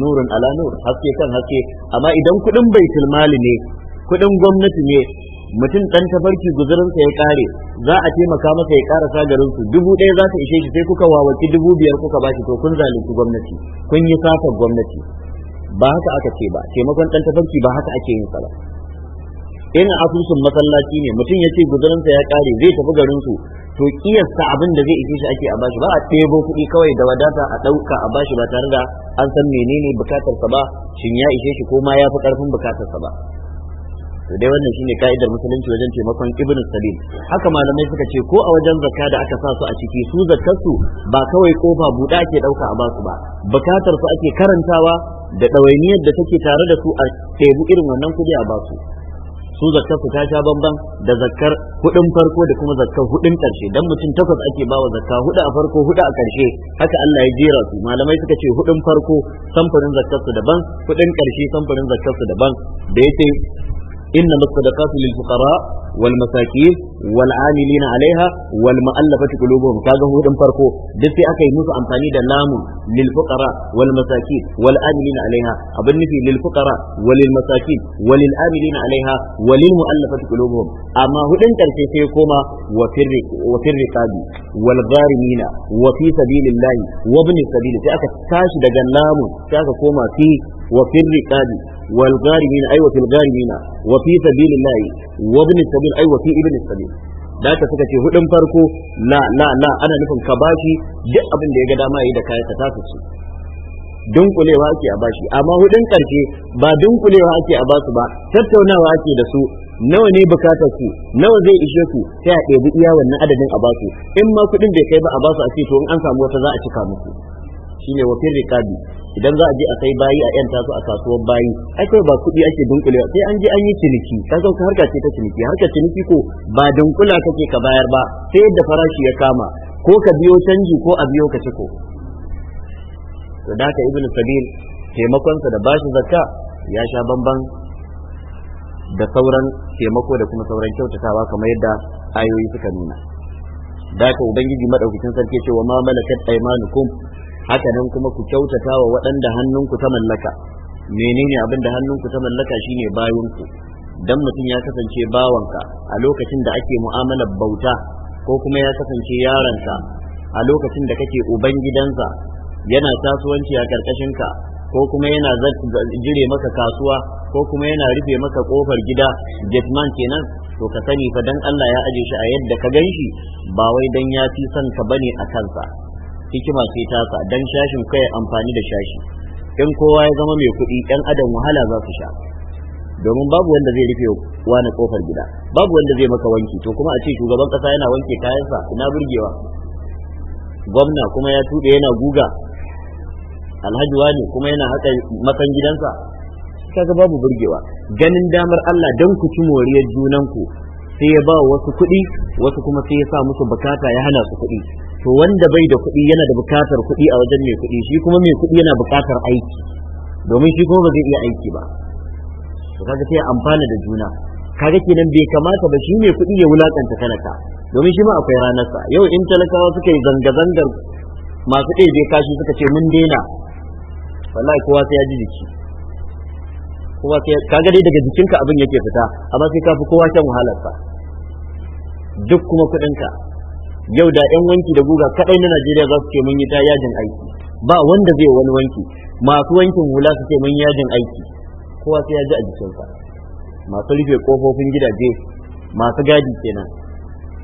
nurun ala nur haske kan haske amma idan kuɗin bai mali ne kuɗin gwamnati ne mutum ɗan tafarki guzurinsa ya kare za a taimaka masa ya sa garinsu dubu ɗaya za ta ishe shi sai kuka wawaki dubu biyar kuka bashi to kun zalunci gwamnati kun yi safar gwamnati ba haka aka ce ba taimakon ɗan tafarki ba haka ake yin sa in asusun masallaci ne mutum ya ce guzurinsa ya kare zai tafi garin su to kiyasta abin da zai ishe shi ake a bashi ba a ɗebo kuɗi kawai da wadata a ɗauka a bashi ba tare da an san menene bukatarsa ba shin ya ishe shi ko ma ya fi ƙarfin bukatarsa ba to dai wannan shine ka'idar musulunci wajen taimakon Ibn salim haka malamai suka ce ko a wajen zakka da aka sa su a ciki su su ba kawai kofa buɗa ake ɗauka a basu ba bukatarsu ake karantawa da ɗawainiyar da take tare da su a tebu irin wannan kuɗi a basu su zakar su ta sha bamban da zakar hudun farko da kuma zakar hudun karshe dan mutum takwas ake bawa zakka hudu a farko hudu a karshe haka Allah ya jera su malamai suka ce hudun farko samfurin zakar su daban hudun karshe samfurin zakar su daban da ya yace إنما الصدقات للفقراء والمساكين والعاملين عليها والمؤلفة قلوبهم كذا هو دم فرقو دس أكي نوسو أمتاني دا لام للفقراء والمساكين والعاملين عليها أبن في للفقراء وللمساكين وللعاملين عليها وللمؤلفة قلوبهم أما هو دم ترسي سيكوما وفي الرقاب والغارمين وفي سبيل الله وابن السبيل سأكا تاش دا لام سأكا كوما في وفي الرقاب والغارمين أي وفي الغارمين وفي سبيل الله وابن السبيل أي وفي ابن السبيل da ka suka ce hudun farko la la la ana nufin ka bashi duk abin da ya ga dama yi da kayan ta tasu su dunkulewa ake a bashi amma hudun karshe ba dunkulewa ake a basu ba tattaunawa ake da su nawa ne bukatar ku nawa zai ishe ku sai a ɗebi iya wannan adadin a basu in ma kuɗin bai kai ba a basu a ce to in an samu wata za a cika musu. shine wa fil riqabi idan za a je a kai bayi a yan taso a kasuwar bayi ai kai ba kuɗi ake dunkule sai an je an yi ciniki ka san ka harka ce ta ciniki harka ciniki ko ba dunkula kake ka bayar ba sai yadda farashi ya kama ko ka biyo canji ko a biyo ka ciko to da ka ibnu sabil taimakonsa da bashi zakka ya sha bamban da sauran taimako da kuma sauran kyautatawa kamar yadda ayoyi suka nuna da ka ubangiji madaukakin sarki ce wa ma malakat aymanukum haka nan kuma ku kyautata wa waɗanda hannunku ta mallaka menene abin da hannunku ta mallaka shine bayanku dan mutum ya kasance bawanka a lokacin da ake mu'amalar bauta ko kuma ya kasance yaranka a lokacin da kake uban gidansa yana tasuwanci a ka, ko kuma yana jire maka kasuwa ko kuma yana rufe maka kofar gida jetman kenan to ka sani fa dan Allah ya aje shi a yadda ka ganshi ba wai dan ya fi son ka bane a kansa hikima ce tasa dan shashin kai amfani da shashi in kowa ya zama mai kuɗi ɗan adam wahala za su sha domin babu wanda zai rufe wani kofar gida babu wanda zai maka wanki to kuma a ce shugaban kasa yana wanke kayansa ina burgewa gwamna kuma ya tuɗe yana guga alhaji wani kuma yana haka makan gidansa kaga babu burgewa ganin damar Allah dan ku ci moriyar junanku sai ya ba wasu kuɗi wasu kuma sai ya sa musu bukata ya hana su kuɗi to wanda bai da kuɗi yana da buƙatar kuɗi a wajen mai kuɗi shi kuma mai kuɗi yana buƙatar aiki domin shi kuma ba zai iya aiki ba to kaga sai amfana da juna kaga kenan bai kamata ba shi mai kuɗi ya wulakanta talaka domin shi ma akwai ranarsa yau in talakawa suka yi zanga-zangar masu ɗebe kashi suka ce mun daina wallahi kowa sai ya ji jiki kowa sai kaga dai daga jikinka abin yake fita amma sai ka fi kowa shan wahalarsa duk kuma kuɗinka yau da yan wanki da guga kaɗai na Najeriya za su ce mun yi ta yajin aiki ba wanda zai wani wanki masu wankin hula su ce mun yi yajin aiki kowa sai ya ji a jikinsa masu rufe kofofin gidaje masu gadi kenan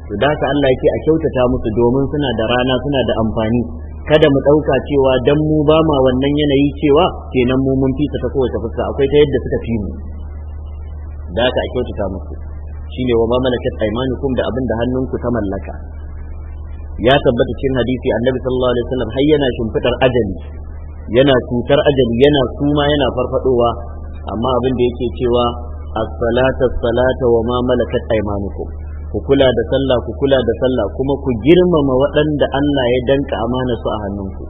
to da haka Allah yake a kyautata musu domin suna da rana suna da amfani kada mu ɗauka cewa dan mu ba ma wannan yanayi cewa kenan mu mun fita ta kowace fuska akwai ta yadda suka fi mu da haka a kyautata musu shine wa ma malakat aymanukum da abin da hannunku ta mallaka ya tabbata cikin hadisi annabi sallallahu alaihi wasallam hayyana yana shimfidar ajali yana cutar ajali yana suma yana farfadowa amma abin da yake cewa as-salata as-salata wa ma malakat aymanukum ku kula da sallah ku kula da sallah kuma ku girmama waɗanda Allah ya danka amana su a hannunku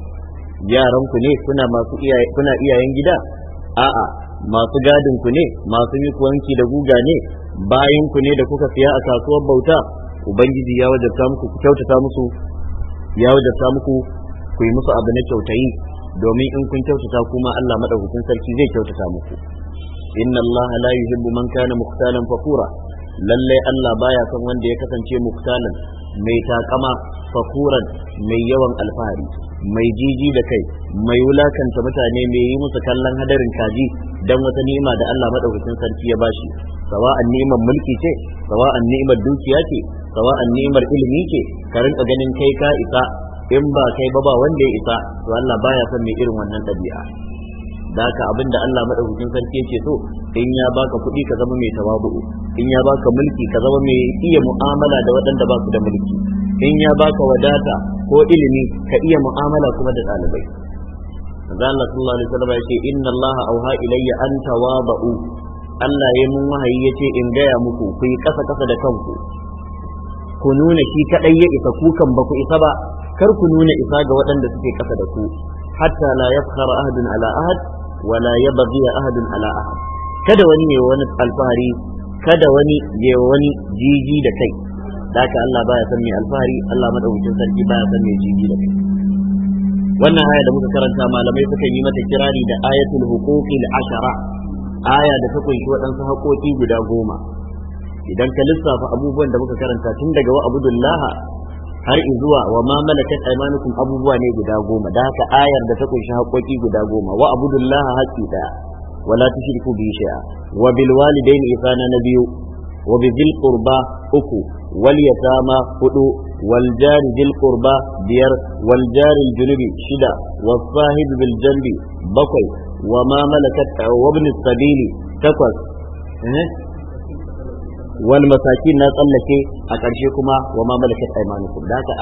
Yaran ku ne kuna masu iyaye kuna iyayen gida a'a masu gadin ku ne masu yi mikuwanki da guga ne bayan ku ne da kuka fiya a kasuwar bauta ubangiji ya wajabta muku ku kyautata musu ya muku ku yi musu abu na kyautayi domin in kun kyautata kuma Allah madaukakin sarki zai kyautata muku inna Allah la yuhibbu man kana muqtalan fakura lalle Allah baya son wanda ya kasance muqtalan mai takama fakuran mai yawan alfahari mai jiji da kai mai wulakanta mutane mai yi musu kallon hadarin kaji dan wata ni'ima da Allah madaukakin sarki ya bashi sawa'an ni'imar mulki ce sawa'an ni'imar dukiya ce sawa'an ni'imar ilimi ce ka rinka ganin kai ka isa in ba kai ba ba wanda ya isa to Allah baya son mai irin wannan ɗabi'a da ka abin da Allah madaukakin sarki yake so in ya baka kuɗi ka zama mai tawabu'u in ya baka mulki ka zama mai iya mu'amala da waɗanda ba su da mulki in ya baka wadata ko ilimi ka iya mu'amala kuma da ɗalibai manzo Allah sallallahu alaihi wasallam ya inna Allah auha ilayya an tawaba'u Allah ya mun wahayi yace in gaya muku ku yi kasa kasa da kanku ku nuna shi kadai ya isa kukan ba ku isa ba kar ku nuna isa ga waɗanda suke kasa da ku hatta la yafkhara ahadun ala ahad wa la yabghi ahadun ala ahad kada wani ne wani alfahari kada wani ya wani jiji da kai da haka Allah baya san mai alfahari Allah madaukakin sarki baya san mai jiji da kai wannan aya da muka karanta malamai suka yi mata kirari da ayatul huquqil ashara aya da ta kunshi waɗansu haƙoƙi guda goma idan ka lissafa abubuwan da muka karanta tun daga wa abdullah har zuwa wa ma malakat aymanukum abubuwa ne guda goma da haka ayar da ta kunshi haƙoƙi guda goma wa abdullah haƙi daya wala tushriku bi shay'a wa bil walidaini ihsana nabiyyu wa bi uku wal yatama hudu wal jari biyar wal jari shida was sahib bil janbi bakwai wa ma malakat wa ibn sabili takwas eh, wal masakin na tsallake a ƙarshe kuma wa ma malakat aymanukum da haka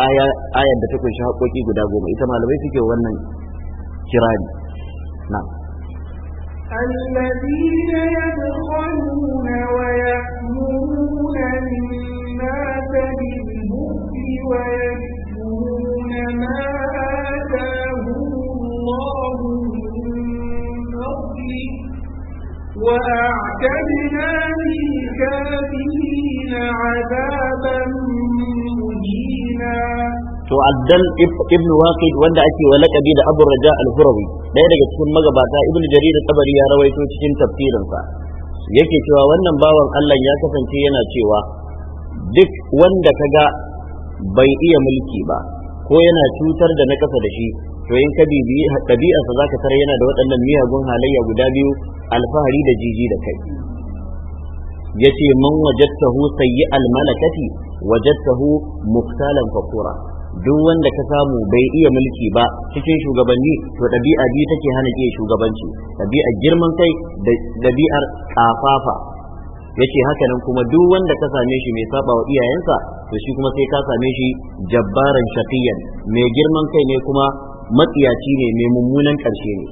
ayar da ta kunshi haƙoƙi guda goma ita malamai suke wannan kirari na. الذين يبخلون ويأمرون مما بالبخل ويكفرون ما آتاه الله من فضله وأعتدنا للكافرين عذابا مهينا to addal ibn waqid wanda ake wa laqabi da abu raja al-hurawi daya daga cikin magabata ibn jarir tabari ya rawaito cikin tafsirinsa yake cewa wannan bawan Allah ya kasance yana cewa duk wanda kaga bai iya mulki ba ko yana cutar da na kasa da shi to in ka bibi ɗabi'arsa za ka yana da waɗannan miyagun halayya guda biyu alfahari da jiji da kai ya ce man wajattahu sayyi almalakati wajattahu muktalan fakura duk wanda ka samu bai iya mulki ba cikin shugabanni to ɗabi'a biyu take hana iya shugabanci ɗabi'ar girman kai da ɗabi'ar kafafa yace haka nan kuma duk wanda ka same shi mai sabawa iyayensa to shi kuma sai ka same shi jabbaran shaqiyan mai girman kai ne kuma matsiyaci ne mai mummunan ƙarshe ne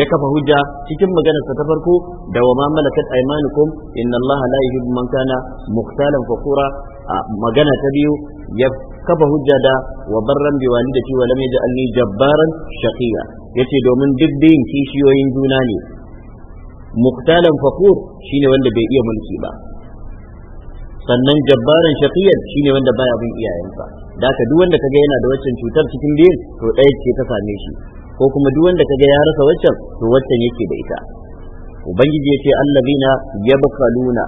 ya kafa hujja cikin maganarsa ta farko da wa ma malakat aymanukum inna allaha la yuhibbu man kana mukhtalan fakura magana ta biyu ya kafa hujja da wa barran bi walidati wa lam yaj'alni jabbaran shaqiya yace domin duk dayin kishiyoyin juna ne muqtalan fakur shine wanda bai iya mulki ba sannan jabbaran shaqiya shine wanda baya bin iyayensa da ka duk wanda kaga yana da waccan cutar cikin dayin to ɗaya ce ta same shi ko kuma duk wanda kaga ya rasa waccan to waccan yake da ita ubangiji yace allazina yabqaluna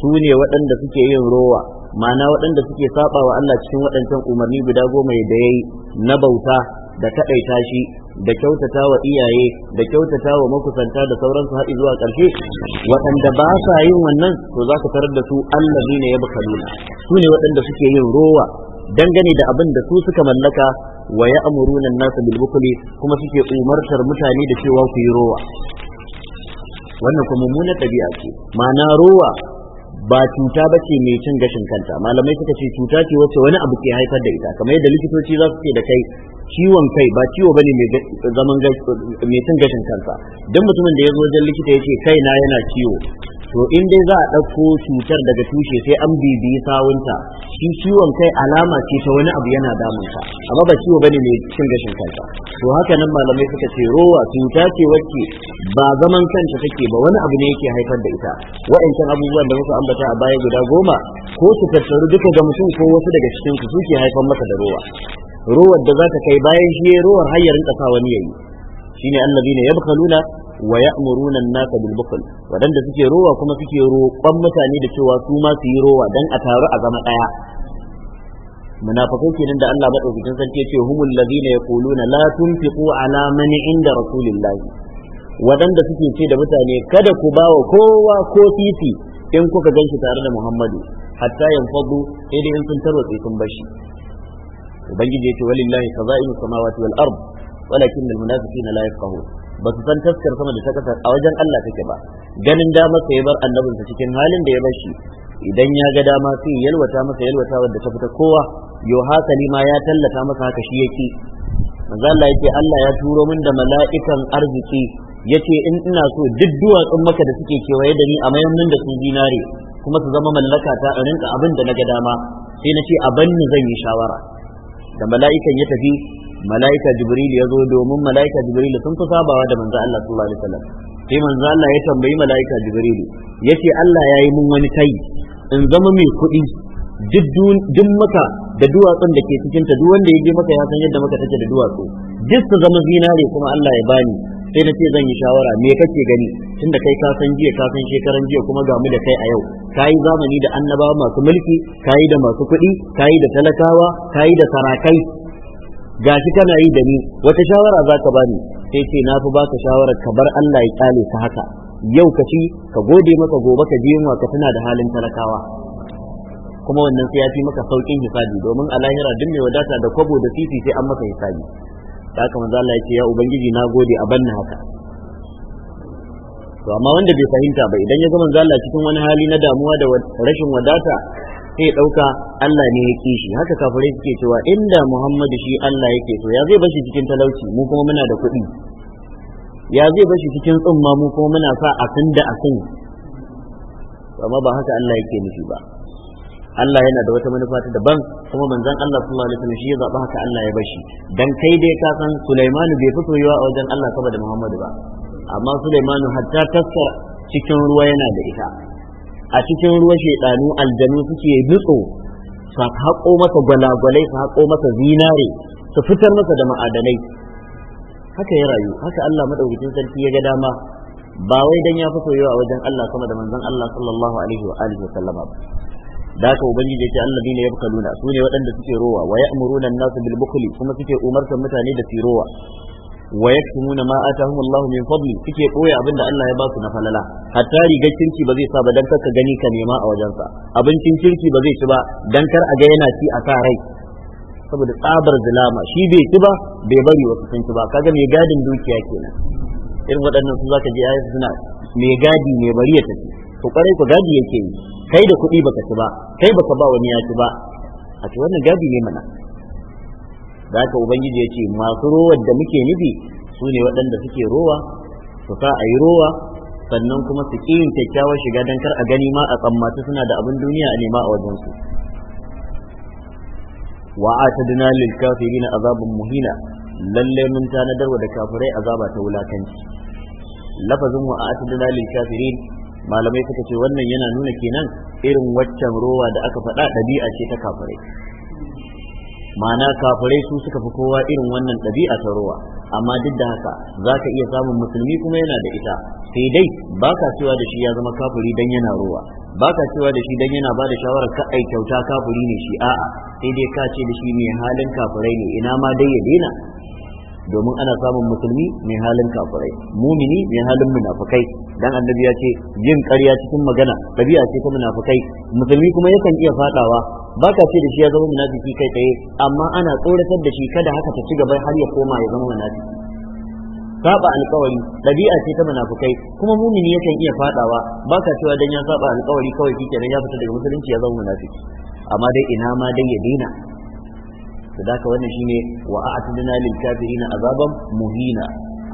su ne waɗanda suke yin rowa ma'ana waɗanda suke saba wa Allah cikin waɗancan umarni guda goma da yayi na bauta da kaɗaita shi da kyautata wa iyaye da kyautata wa makusanta da sauransu haɗi zuwa ƙarshe waɗanda ba sa yin wannan to za ka tarar da su Allah ne ya bukaluna su ne waɗanda suke yin rowa dangane da abin da su suka mallaka wa ya amuruna nasu bilbukuli kuma suke umartar mutane da cewa ku yi rowa wannan kuma mummunar ɗabi'a ce ma'ana rowa ba cuta ba ce mai cin gashin kanta malamai suka ce cuta ce wacce wani abu ke haifar da ita kamar yadda likitoci za su ce da kai ciwon kai ba ciwo bane mai zaman mai cin gashin kansa dan mutumin da ya zo wajen likita ya ce kai na yana ciwo to in dai za a ɗauko cutar daga tushe sai an bibiyi sawunta shi ciwon kai alama ce ta wani abu yana damunsa amma ba ciwo bane mai cin gashin kansa to haka nan malamai suka ce rowa cuta ce wacce ba zaman kanta take ba wani abu ne yake haifar da ita wa'ancan abubuwan da muka ambata a baya guda goma ko su tattaru duka ga mutum ko wasu daga cikin su suke haifar masa da rowa Ruwan da za ta kai bayan shi ruwar hayar rinka sa wani yayi shine alladina yabkhaluna wa ya'muruna an-nasa bil bukhl wadanda suke ruwa kuma suke roƙon mutane da cewa su ma su yi ruwa dan a taru a zama daya munafikai kenan da Allah madaukakin sarki yace humul ladina yaquluna la tunfiqu ala man inda rasulillahi wadanda suke ce da mutane kada ku bawa kowa ko titi in kuka ganshi tare da Muhammadu hatta yanfadu sai in sun tarwatse sun bashi ubangiji yace walillahi khaza'inu samawati wal ard walakin al munafiqina la yafqahun ba su san taskar sama da ta kasa a wajen Allah take ba ganin damar sa ya bar annabinsa cikin halin da ya bar shi idan ya ga dama sai yalwata masa yalwata wanda ta fita kowa yo Salima ma ya tallata masa haka shi yake manzo Allah yake Allah ya turo min da mala'ikan arziki yace in ina so duk duwatsun maka da suke kewaye da ni a mayan da su dinare kuma su zama mallaka ta in rinka abin da na ga dama sai na ce a banni zan yi shawara da mala'ikan ya tafi mala'ika jibril ya zo domin mala'ika jibril sun fi sabawa da manzo Allah sallallahu alaihi wasallam sai manzo Allah ya tambayi mala'ika jibril yace Allah ya yi mun wani tai in zama mai kuɗi duk maka da duwatsun da ke cikin ta duk wanda ya je maka ya san yadda maka take da duwatsu duk su zama zinare kuma Allah ya bani sai na ce zan yi shawara me kake gani tunda kai ka san jiya ka san shekaran jiya kuma ga mu da kai a yau kayi zamani da annabawa masu mulki kayi da masu kuɗi kayi da talakawa yi da sarakai gashi kana yi da ni wata shawara za ka bani sai ce na fi baka shawara ka bar Allah ya kale ka haka yau ka ci ka gode maka gobe ka ji yunwa ka tana da halin talakawa kuma wannan sai ya fi maka saukin hisabi domin a lahira duk mai wadata da kwabo da sisi sai an maka hisabi da kama manzo Allah yake ya ubangiji na gode a banna haka to amma wanda bai fahimta ba idan ya ga manzo Allah cikin wani hali na damuwa da rashin wadata sai dauka Allah ne ya kishi shi haka kafirai suke cewa inda Muhammadu shi Allah yake to ya zai bashi cikin talauci mu kuma muna da kuɗi ya zai bashi cikin tsumma mu kuma muna sa asin da asin amma ba haka Allah yake nufi ba Allah yana da wata manufa ta daban kuma manzon Allah sallallahu alaihi wasallam shi ya zaba haka Allah ya bashi dan kai dai ka san Sulaiman bai fito yawa a wajen Allah saboda Muhammadu ba amma Sulaiman hatta tasa cikin ruwa yana da ita a cikin ruwa shaidanu aljanu suke nutso su haƙo masa gwalagwalai su haƙo masa zinare su fitar masa da ma'adanai haka ya rayu haka Allah madaukakin sarki ya ga dama ba wai dan ya fi yawa a wajen Allah sama da manzon Allah sallallahu alaihi wa alihi wa sallama ba da haka ubangiji ya ce alladina yabkaluna su ne waɗanda suke rowa wa ya'muruna an-nasu bil bukhli kuma suke umartar mutane da sirowa rowa wa yaktumuna ma atahum Allah min fadli suke boye abinda Allah ya ba su na falala hatta rigar kirki ba zai sa ba dan ka gani ka nema a wajensa abincin kirki ba zai ci ba dan kar a ga yana ci a sa rai saboda tsabar zulama shi bai ci ba bai bari wasu sun ci ba kaga mai gadin dukiya kenan irin waɗannan su zaka je ayyuka suna mai gadi mai bari ya tafi to kwarai ku gadi yake yi kai da kuɗi baka ci ba kai baka ba wani ya ci ba a ce wannan gadi ne mana Za haka ubangiji ya ce masu rowar da muke nufi su ne waɗanda suke rowa su sa a yi rowa sannan kuma su ƙi yin kyakkyawar shiga don kar a gani ma a tsammata suna da abin duniya a nema a wajensu wa atadna lil kafirin azabun muhina lalle mun tanadarwa da kafirai azaba ta wulakanci lafazin wa atadna lil kafirin malamai suka ce wannan yana nuna kenan irin waccan rowa da aka faɗa ɗabi'a ce ta kafirai ma'ana kafirai su suka fi kowa irin wannan ɗabi'a ta rowa amma duk da haka za ka iya samun musulmi kuma yana da ita sai dai ba ka cewa da shi ya zama kafiri dan yana rowa ba ka cewa da shi dan yana ba da shawarar ka ai kyauta kafuri ne shi a'a sai dai ka ce da shi mai halin kafurai ne ina ma dai ya daina domin ana samun musulmi mai halin kafirai mumini mai halin munafukai dan annabi ya ce yin ƙarya cikin magana ɗabi'a ce ta munafukai musulmi kuma yakan iya fadawa baka ce da shi ya zama munafiki kai tsaye amma ana tsoratar da shi kada haka ta ci gaba har ya koma ya zama munafiki saba alkawari ɗabi'a ce ta munafukai kuma mumini yakan iya fadawa baka cewa dan ya saba alkawari kawai na ya fita daga musulunci ya zama munafiki amma dai ina ma dai ya daina sadaka ka wannan shine wa a'tadna lil kafirina azaban muhina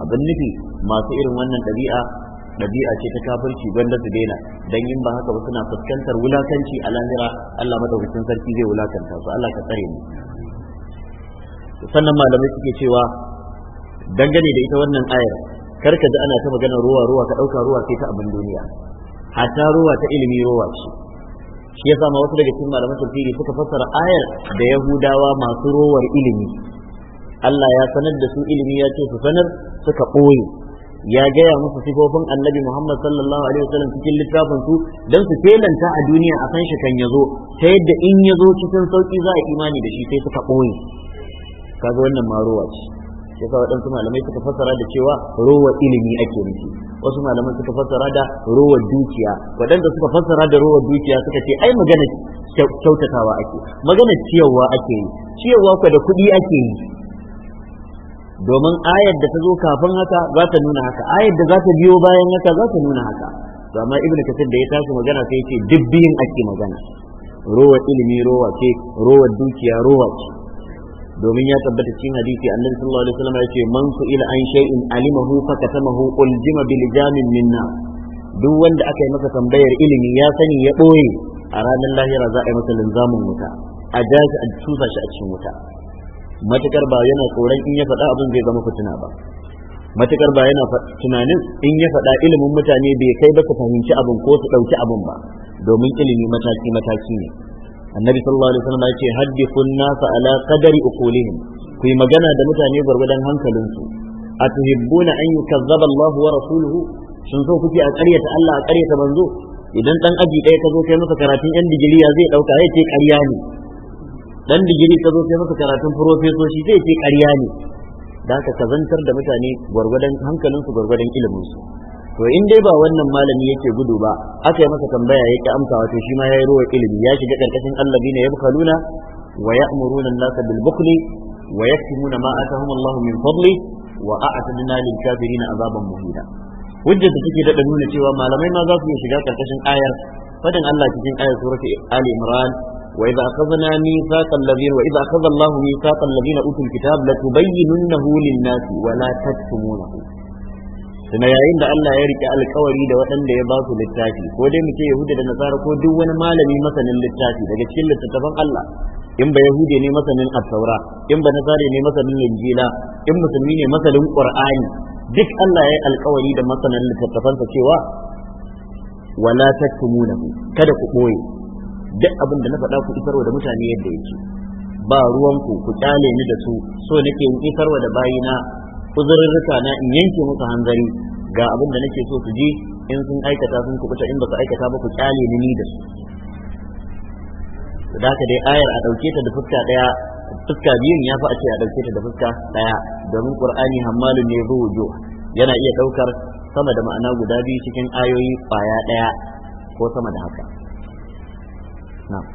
abin nufi masu irin wannan ɗabi'a ɗabi'a ce ta kafirci da su daina dan in ba haka ba suna fuskantar wulakanci a lahira Allah madaukakin sarki zai wulakanta su Allah ka tsare mu sannan malamai suke cewa dangane da ita wannan ayar kar ka ji ana ta maganar ruwa ruwa ka ɗauka ruwa sai ta abin duniya hatta ruwa ta ilimi ruwa ce shi yasa ma wasu daga cikin malaman tafsiri suka fassara ayar da yahudawa masu rowar ilimi Allah ya sanar da su ilimi ya ce su sanar suka ɓoye ya gaya musu sifofin annabi Muhammad sallallahu alaihi wasallam cikin littafin su dan su felanta a duniya a san shi kan yazo ta yadda in yazo cikin sauki za a imani da shi sai suka ɓoye kaga wannan marowa ce shi sa waɗansu malamai suka fassara da cewa rowa ilimi ake nufi wasu malamai suka fassara da rowa dukiya waɗanda suka fassara da rowa dukiya suka ce ai magana kyautatawa ake magana ciyarwa ake yi ciyarwa ko da kuɗi ake yi domin ayar da ta zo kafin haka za ta nuna haka ayar da za ta biyo bayan haka za ta nuna haka to amma ibnu kasir da ya tashi magana sai ya ce duk ake magana rowa ilimi rowa ce rowa dukiya rowa ce domin ya tabbata cikin hadisi annabi sallallahu alaihi wasallam ya ce man su ila an shay'in alimahu fa katamahu uljima bil jamin minna duk wanda aka yi masa tambayar ilimi ya sani ya boye a ranar lahira za a yi masa linzamin wuta a jaji a tusa shi a cikin wuta matukar ba yana tsoron in ya faɗa abin zai zama fitina ba matukar ba yana tunanin in ya faɗa ilimin mutane bai kai ba su fahimci abin ko su ɗauki abin ba domin ilimi mataki mataki ne annabi sallallahu alaihi wasallam ya ce haddithun nas ala qadari uqulihim ku yi magana da mutane gwargwadon hankalinsu atuhibbuna an yukazzaba Allahu wa rasuluhu sun so kuke a ƙaryata Allah a ƙaryata manzo idan dan aji ɗaya ka zo kai masa karatun yan digiri ya zai ɗauka ya ce ne dan digiri ka zo kai masa karatun profesoshi zai ce ne da haka zantar da mutane gwargwadon hankalinsu gwargwadon iliminsu to in dai ba wannan malami yake gudu ba aka yi masa tambaya yake amsa to shi ma yayi ruwa ilimi ya shiga karkashin allazina yabkhaluna wa ya'muruna an-nasa bil bukhli wa yaktumuna ma atahum Allah min fadli wa a'tadna lil kafirin azaban muhina hujjar da take daɗa nuna cewa malamai ma za su iya shiga karkashin ayar fadin Allah cikin ayar surati Ali Imran وإذا أخذنا ميثاق الذين وإذا أخذ الله ميثاق الذين أوتوا الكتاب لتبيننه للناس ولا تكتمونه suna yayin da Allah ya rike alkawari da waɗanda ya ba su littafi ko dai muke yahuda da nasara ko duk wani malami masanin littafi daga cikin littattafan Allah in ba yahudi ne masanin at-taura in ba Nasara ne masanin injila in musulmi ne masanin qur'ani duk Allah ya yi alkawari da masanin littattafansa cewa wala taktumunahu kada ku boye duk abin da na faɗa ku isarwa da mutane yadda yake ba ruwanku ku kyale ni da su so nake in isarwa da bayina uzurrurruka na in yanke musu hanzari ga abin da nake so su je in sun aikata sun kubuta in ba su aikata ba ku kyale ni da su da haka dai ayar a dauke ta da fuska ɗaya fuska biyun ya fi a ce a dauke ta da fuska ɗaya domin ƙur'ani hammalun ne zuwa yana iya ɗaukar sama da ma'ana guda biyu cikin ayoyi ƙwaya daya ko sama da haka na'am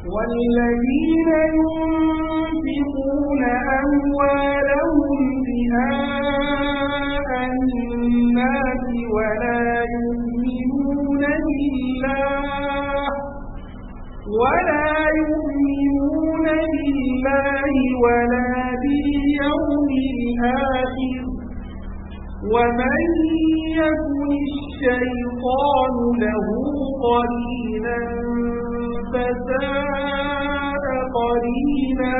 والذين ينفقون أموالهم بها الناس ولا يؤمنون بالله ولا يؤمنون بالله ولا باليوم الآخر ومن يكن الشيطان له قرينا فساء قرينا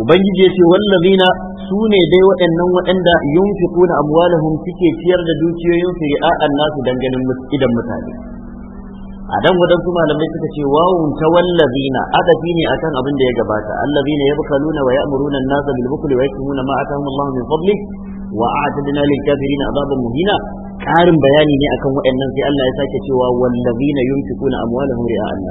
وبنجي يتي والذين su ne dai waɗannan waɗanda yunfiquna amwalahum suke ciyar da dukiyoyin su ri'a'an nasu danganin idan mutane a dan waɗansu malamai suka ce wawun ta wallazina adafi ne akan abin da ya gabata allazina yabkaluna wa ya'muruna an-nasa bil bukli wa yaktumuna ma atahum min fadli wa a'tadna lil kafirin azaban muhina karin bayani ne akan waɗannan sai Allah ya sake cewa wallazina yunfiquna amwalahum ri'a an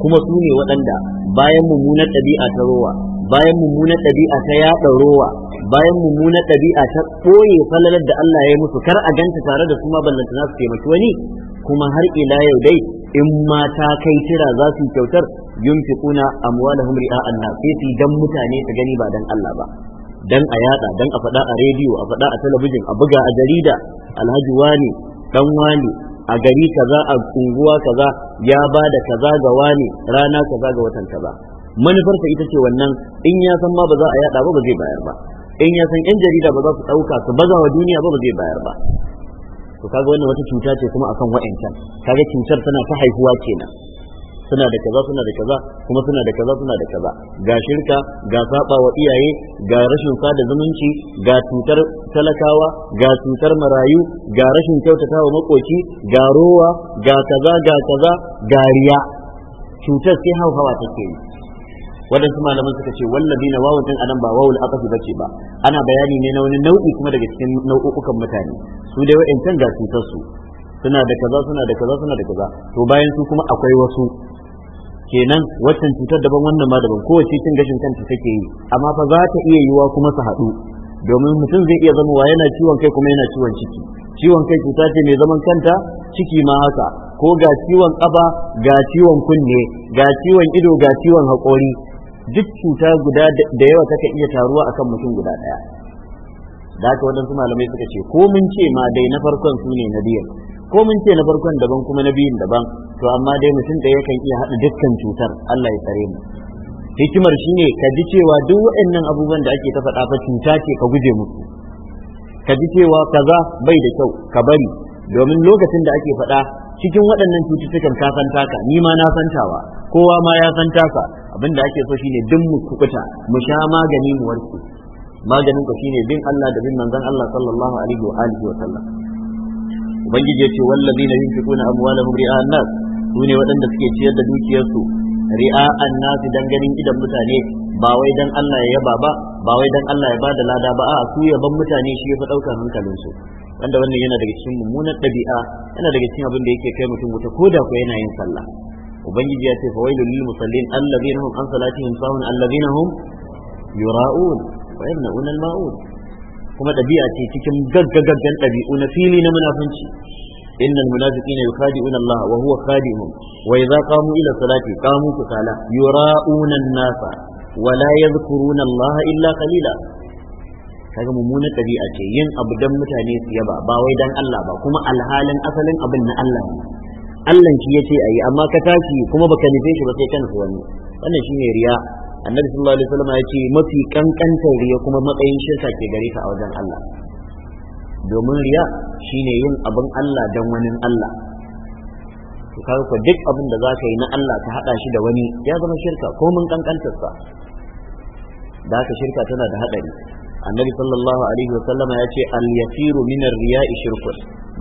kuma su ne waɗanda bayan mummunar ɗabi'a ta rowa bayan mummunar ɗabi'a ta yaɗa rowa bayan mummunar ɗabi'a ta ɓoye falalar da Allah ya yi musu kar a ganta tare da su ma ballantana su taimaki wani kuma har ila yau dai in mata kai kira za su yi kyautar yunfiquna amwalahum ri'a allah nas sai su dan mutane su gani ba dan Allah ba dan a yada dan a faɗa a rediyo a faɗa a talabijin a buga a jarida alhaji wani dan wani a gari kaza a unguwa kaza ya ba da kaza ga wani rana kaza ga watan kaza manufarsa ita ce wannan in ya san ma ba za a yada ba ba zai bayar ba in ya san yan jarida ba za su ɗauka su baza wa duniya ba ba zai bayar ba to kaga wannan wata cuta ce kuma akan wa'ancan kaga cutar tana ta haihuwa kenan suna da kaza suna da kaza kuma suna da kaza suna da kaza ga shirka ga saba wa iyaye ga rashin sada zumunci ga cutar talakawa ga cutar marayu ga rashin kyautata wa makoci ga rowa ga kaza ga kaza ga riya cutar sai hauhawa take yi waɗansu malaman suka ce wallabi na wawo din anan ba wawul aqafi bace ba ana bayani ne na wani nau'i kuma daga cikin nau'ukan mutane su dai wa'ancan ga cutar su suna da kaza suna da kaza suna da kaza to bayan su kuma akwai wasu kenan waccan cutar daban wannan ma daban kowace cin gashin kanta take yi amma fa za ta iya yiwa kuma su haɗu domin mutum zai iya zama wa yana ciwon kai kuma yana ciwon ciki ciwon kai cuta ce mai zaman kanta ciki ma haka ko ga ciwon ƙaba ga ciwon kunne ga ciwon ido ga ciwon haƙori duk cuta guda da yawa take iya taruwa akan mutum guda ɗaya da haka waɗansu malamai suka ce ko mun ce ma dai na farkon su ne na biyar ko mun ce na farkon daban kuma na biyun daban to amma dai mutum da yakan iya haɗa dukkan cutar Allah ya tsare mu hikimar shine ka ji cewa duk waɗannan abubuwan da ake ta faɗa fa cuta ce ka guje musu ka ji cewa kaza bai da kyau ka bari domin lokacin da ake faɗa cikin waɗannan cututtukan ka san taka ni ma na san tawa kowa ma ya san taka abinda ake so shine duk mu kukuta mu sha magani mu warke maganin ka shine bin Allah da bin manzon Allah sallallahu alaihi wa alihi wa sallam ubangiji ya ce wallazina yunfikuna amwalahum ri'a an-nas su ne waɗanda suke ciyar da dukiyarsu ri'a an-nas dan ganin idan mutane ba wai dan Allah ya yaba ba ba wai dan Allah ya bada lada ba a su yaban mutane shi ya fi daukar hankalin su wanda wannan yana daga cikin mummunan ɗabi'a yana daga cikin abin da yake kai mutum wuta da ko yana yin sallah ubangiji ya ce fa wailul lil musallin allazina hum an salatihim sahun allazina hum yura'un wa yamna'un al-ma'un kuma ɗabi'a ce cikin gaggagaggan ɗabi'u na fili na munafunci إن المنافقين يخادعون الله وهو خادعهم وإذا قاموا إلى الصلاة قاموا كسالى يراؤون الناس ولا يذكرون الله إلا قليلا kaga mummunar ɗabi'a ce yin abu don mutane su yaba ba wai dan Allah ba kuma alhalin asalin abin na Allah ne Allah ce yace ayi amma ka tashi kuma baka nufe shi ba sai kan wani wannan shine riya annabi sallallahu alaihi wasallam ya mafi kankantar riya kuma matsayin shirka ke gare ta a wajen Allah domin riya shine yin abin Allah dan wani Allah to kaga duk abin da zaka yi na Allah ka hada shi da wani ya zama shirka ko mun kankantar sa da ka shirka tana da hadari annabi sallallahu alaihi wasallam ya al yasiru min ar riya'i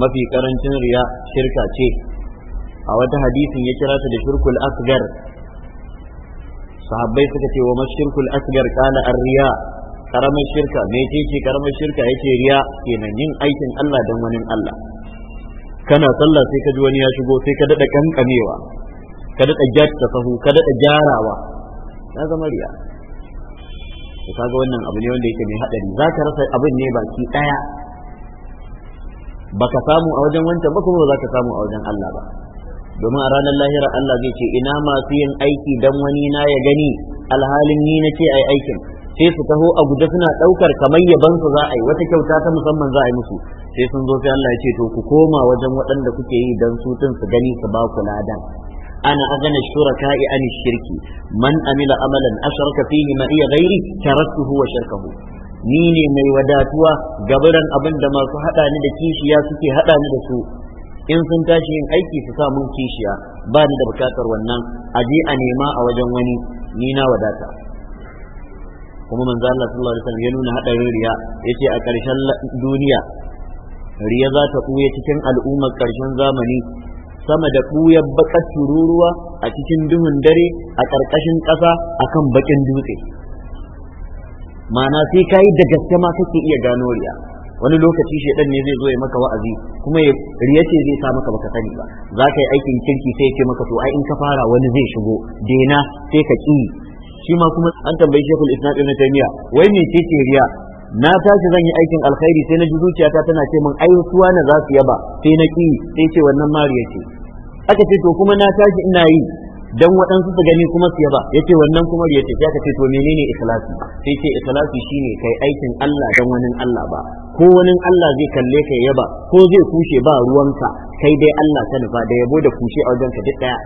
mafi karancin riya shirka ce a wata hadisin ya kira ta da shirkul asgar sahabbai suka ce wa mashirkul asgar kana arriya karamin shirka mece ce karamin shirka yake riya kenan yin aikin Allah don wani Allah kana sallah sai ka ji wani ya shigo sai ka dada kankamewa ka dada jatta sahu ka dada jarawa ya zama riya ka kaga wannan abu ne wanda yake mai hadari za ka rasa abin ne baki daya baka samu a wajen wancan ba kuma ba za ka samu a wajen Allah ba domin a ranar lahira Allah zai ce ina masu yin aiki dan wani na ya gani alhalin ni na ce ai aikin sai su taho a guje suna ɗaukar kamar yaban su za a yi wata kyauta ta musamman za a yi musu sai sun zo sai Allah ya ce to ku koma wajen waɗanda kuke yi dan su tun su gani su ba ku ladan أنا أغنى الشركاء عن الشرك من أمل أملا ma iya معي غيري تركته shirkahu. ni ne mai wadatuwa gabaran abin da masu haɗa ni da kishiya suke haɗa ni da su in sun tashi yin aiki su sa mun kishiya ba ni da bukatar wannan a je a nema a wajen wani ni na wadata kuma manzo Allah sallallahu alaihi wasallam ya nuna hadarin riya yace a ƙarshen duniya riya za ta ɓuya cikin al'ummar ƙarshen zamani sama da ɓuyar baƙar tururuwa a cikin duhun dare a ƙarƙashin ƙasa a kan baƙin dutse Mana sai ka da gaske ma kake iya gano riya wani lokaci dan ne zai zo ya maka wa'azi kuma ya riyace zai sa maka baka sani ba za ka yi aikin kirki sai ce maka to ai in ka fara wani zai shigo dena sai ka ki shi ma kuma an tambayi shekul isnad ibn taymiya wai me ce riya na tashi zan yi aikin alkhairi sai na ji zuciyata tana ce min ai suwa na za su yaba sai na ki sai ce wannan mariya ce aka ce to kuma na tashi ina yi dan waɗansu su gani kuma su yaba yace wannan kuma riya ce ka ce to menene ikhlasi sai ce ikhlasi shine kai aikin Allah dan wani Allah ba ko wani Allah zai kalle ka yaba ko zai kushe ba ruwanka kai dai Allah ta nufa da yabo da kushe a wajenka duk daya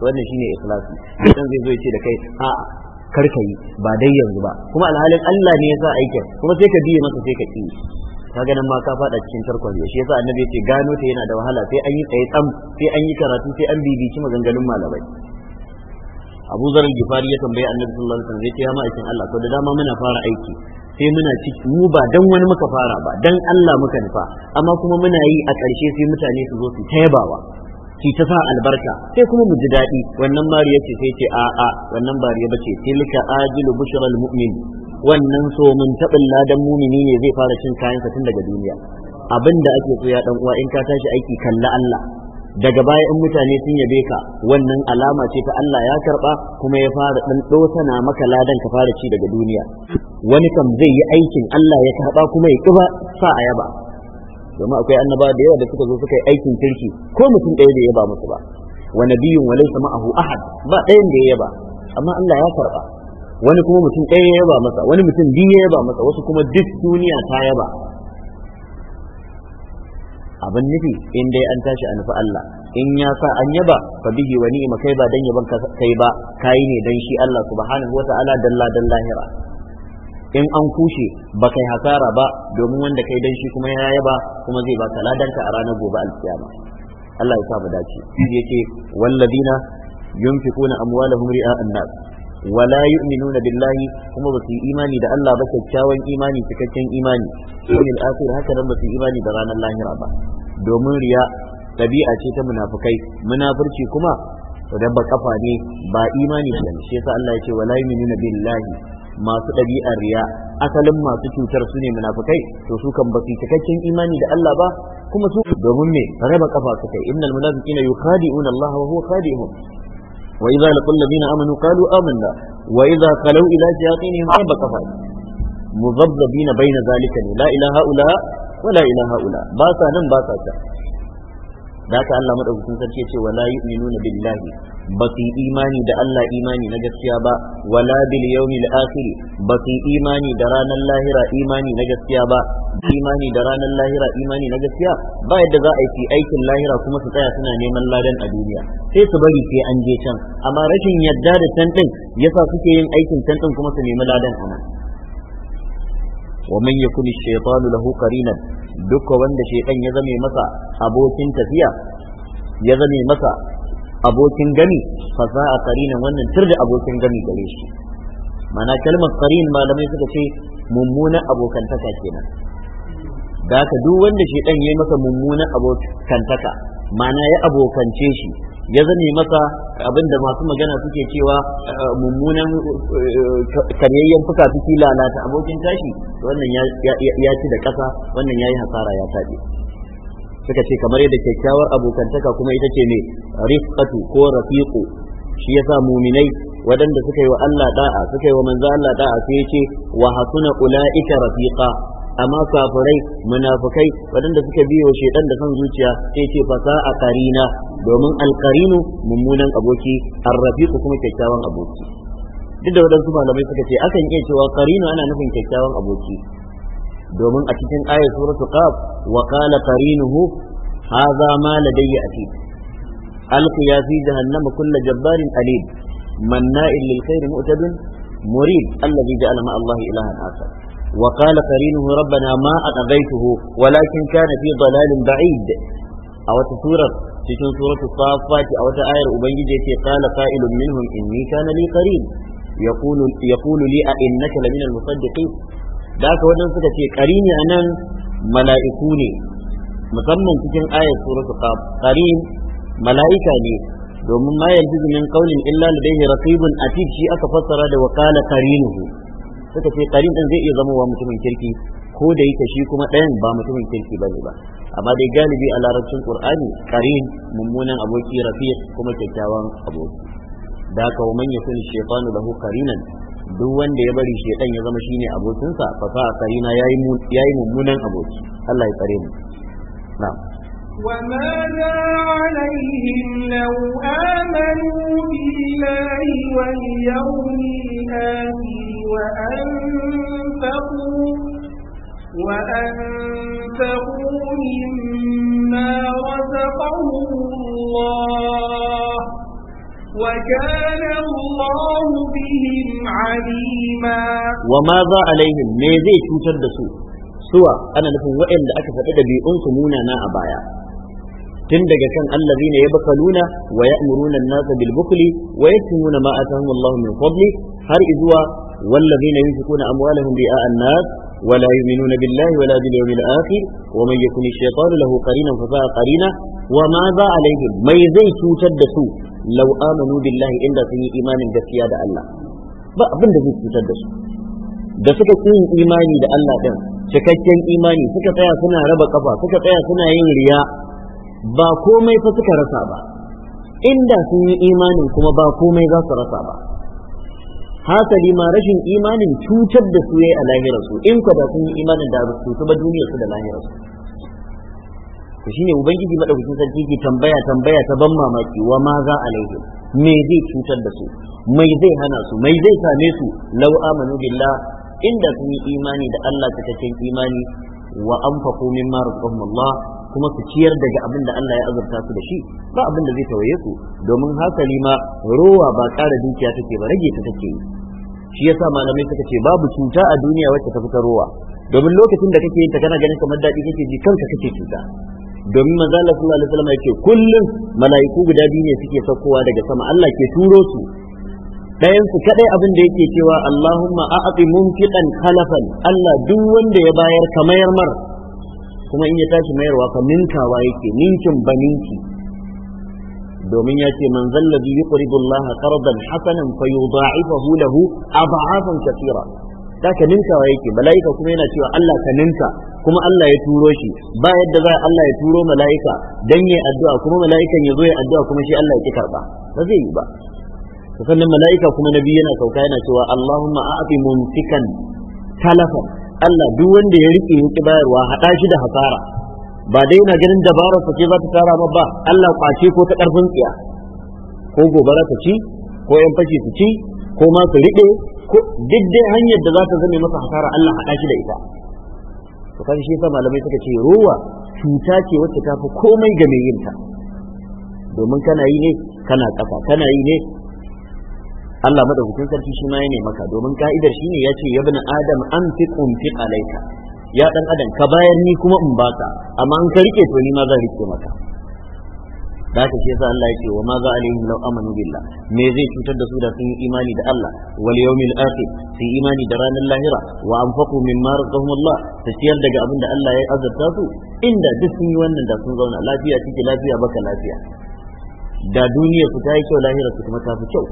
wannan shine ikhlasi dan zai zo ya ce da kai a'a ka yi ba dai yanzu ba kuma alhalin Allah ne ya sa aikin kuma sai ka biye masa sai ka ki ka ganin ma ka fada cikin tarkon ne shi yasa annabi ya ce gano ta yana da wahala sai an yi tsaye tsam sai an yi karatu sai an bibici maganganun malamai Abu Zar Gifari ya tambaye Annabi sallallahu alaihi wasallam ya ce ya ma'aikin Allah ko da dama muna fara aiki sai muna ci mu ba dan wani muka fara ba dan Allah muka nufa amma kuma muna yi a ƙarshe sai mutane su zo su ta yabawa ki ta sa albarka sai kuma mu ji daɗi wannan mariya ce sai ce a'a wannan bariya bace tilka ajilu bushra almu'min wannan so mun taɓin ladan mumini ne zai fara cin kayansa tun daga duniya abin da ake so ya dan uwa in ka tashi aiki kalla Allah daga baya in mutane sun yabe ka wannan alama ce ta Allah ya karba kuma ya fara dan dosana maka ladan ka fara ci daga duniya wani kam zai yi aikin Allah ya karba kuma ya kiba sa a yaba domin akwai annaba da yawa da suka zo suka yi aikin kirki ko mutum ɗaya da yaba musu ba wa nabiyyun wa laysa ma'ahu ahad ba ɗayan da ya yaba amma Allah ya karba wani kuma mutum ɗaya ya yaba masa wani mutum biyu ya yaba masa wasu kuma duk duniya ta yaba abin nufi in dai an tashi a nufi Allah in ya sa an yaba fa bihi wa ni'ima kai ba dan yaban kai ba kai ne dan shi Allah subhanahu wata'ala dalla dan lahira in an kushe ba kai hasara ba domin wanda kai dan shi kuma ya yaba kuma zai baka danka a ranar gobe alkiyama Allah ya sa mu dace yace walladina yunfikuna amwalahum ri'a an-nas wala yu'minuna billahi kuma basu yi imani da Allah ba kyakkyawan imani cikakken imani wal akhir haka nan ba su yi imani da ranar lahira ba domin riya ɗabi'a ce ta munafukai munafurci kuma rabba kafa ne ba imani da shi yasa Allah ya ce wala yu'minuna billahi masu ɗabi'ar riya asalin masu cutar su ne munafukai to su kan ba su cikakken imani da Allah ba kuma su domin me raba kafa suka innal munafiqina yukhadi'una Allah wa huwa khadi'uhum وإذا لقوا الذين آمنوا قالوا آمنا وإذا خلوا إلى شياطينهم رب كفر مذبذبين بين ذلك لا إلى هؤلاء ولا إلى هؤلاء باسا نم باسا da haka Allah madaukakin sarki ce wala nuna billahi ba su imani da Allah imani na gaskiya ba wala bil yawmil akhir ba su imani da ranar lahira imani na gaskiya ba imani da ranar lahira imani na gaskiya ba yadda za a yi aikin lahira kuma su tsaya suna neman ladan a duniya sai su bari sai an je can amma rashin yadda da can yasa suke yin aikin can kuma su nemi ladan Wa ومن يكن الشيطان له قرينا duk wanda shaitan ya zame masa abokin tafiya ya zame masa abokin gami fasa a karinan wannan tur da abokin gami gare shi mana kalmar karin malamai suka ce mummunan abokantaka kenan da haka duk wanda shi ya yi masa mummunan abokantaka mana ya abokance shi ya zane masa abinda masu magana suke cewa eh, mummunan eh, karyayyen fuka suke lalata abokin tashi wannan ya ci da ƙasa wannan ya yi hasara ya taɓe suka ce kamar yadda kyakkyawar abokantaka kuma ita ce ne Rifkatu ko rafiqu shi ya sa muminai waɗanda suka yi wa Allah da'a suka yi wa manzo Allah da'a sai ce wa hasuna ulaika rafiqa amma kafirai munafukai waɗanda suka biyo ɗan da son zuciya sai ce fasa a karina domin alkarinu mummunan aboki arrafiku kuma kyakkyawan aboki duk da waɗansu malamai suka ce akan iya cewa karinu ana nufin kyakkyawan aboki domin a cikin ayat suratu qaf wa qala qarinuhu hadha ma ladayya atid alqiya fi jahannama kullu jabbarin alid manna'in lil khairi mu'tadin murid alladhi ja'ala ma Allah ilahan akhar وقال قرينه ربنا ما أقضيته ولكن كان في ضلال بعيد أو سورة تكون سورة الصافات أو تآير أبنجي قال قائل منهم إني كان لي قريب يقول يقول لي أئنك لمن المصدقين ذاك ودن suka ce qarini anan mala'iku ne musamman cikin ayat suratu qaf mala'ika ne domin ma yanzu min qawlin illa ladayhi raqibun atid shi aka fassara da wakala qarinuhu suka ce karin din zai iya zama wa mutumin kirki ko da yake shi kuma ɗayan ba mutumin kirki ne ba amma dai galibi a larabcin qur'ani ƙarin mummunan aboki rafiq kuma kyakkyawan aboki da haka wa manya yakun shaytanu lahu duk wanda ya bari shaytan ya zama ne abokinsa fa fa karina yayi mummunan aboki Allah ya tsare mu وماذا عليهم لو آمنوا بالله واليوم الآخر وأنفقوا وأنفقوا مما رزقهم الله وكان الله بهم عليما وماذا عليهم مَا زَيْتُ دسو سوى أنا لَكُمْ وإن لَأَكَفَتَ أدبي أنكم هنا a tun daga kan allazi ne ya baka luna wa ya amuruna nasa bil wa ya tununa ma atahum Allah min fadli har izuwa wallazi ne yunfikuna amwalahum bi a nas ولا يؤمنون بالله ولا باليوم الآخر ومن يكن الشيطان له قرينا فساء قرينا وماذا عليهم ما زي توتد لو آمنوا بالله إلا في إيمان gaskiya da Allah. ba abin da zai cutar da su da suka yin imani da Allah din cikakken imani suka tsaya suna raba kafa suka tsaya suna yin riya ba komai fa suka rasa ba inda sun yi imanin kuma ba komai za su rasa ba hasali ma rashin imanin cutar da su yayi a lahirarsu in ka ba sun yi imanin da su ba duniyar su da lahirarsu to shine ubangiji madaukakin sarki ke tambaya tambaya ta ban mamaki wa ma za alaihi me zai cutar da su mai zai hana su mai zai same su law amanu billah inda sun yi imani da Allah cikakken imani wa anfaqu mimma razaqahum Allah kuma su ciyar daga abin da Allah ya azurta su da shi ba abin da zai tawaye su domin hasali ma rowa ba ƙara dukiya take ba rage ta take shi yasa malamai suka ce babu cuta a duniya wacce ta fita rowa domin lokacin da kake yin ta kana ganin kamar daɗi kake ji kanka kake cuta domin manzo Allah sallallahu alaihi wasallam yake kullum mala'iku guda biyu ne suke saukowa daga sama Allah ke turo su ɗayan su kadai abin da yake cewa Allahumma a'ti mumtiqan khalafan Allah duk wanda ya bayar kamar mar kuma in ya tashi mayarwa fa ninkawa yake ninkin ba ninki domin ya ce man zallabi yuqridu Allah qardan hasanan fayudha'ifahu lahu adha'afan katira ka ninkawa yake mala'ika kuma yana cewa Allah ka ninka kuma Allah ya turo shi ba yadda za Allah ya turo mala'ika dan yi addu'a kuma mala'ikan ya zo ya addu'a kuma shi Allah ya ki karba ba zai yi ba sannan mala'ika kuma nabi yana sauka yana cewa Allahumma a'ti mumsikan talafan Allah duk wanda ya rike yake bayarwa hada shi da hasara ba dai na ganin dabarar ce za ta tara ba Allah kwace ko ta karfin tsiya ko gobara ta ci ko yan fashi su ci ko ma su rike ko duk dai hanyar da za ta zame masa hasara Allah hada shi da ita to kan shi fa malamai suka ce rowa cuta ce wacce ta fi komai ga mai yinta domin kana yi ne kana kafa kana yi ne Allah madaukakin sarki shi ma ya ne maka domin ka'idar shi ne ya ce ya bin adam an fi kumfi alaika ya dan adam ka bayar ni kuma in baka amma an ka rike to ni ma zan rike maka da ce shi sa Allah ce wa ma za alaihim law amanu billah me zai cutar da su da sun yi imani da Allah wal yawmil akhir sun yi imani da ranar lahira wa anfaqu mimma razaqahum ta ciyar daga abin da Allah ya azurta su inda duk sun yi wannan da sun zauna lafiya cike lafiya baka lafiya da duniyar su ta yi kyau lahira su kuma ta fi kyau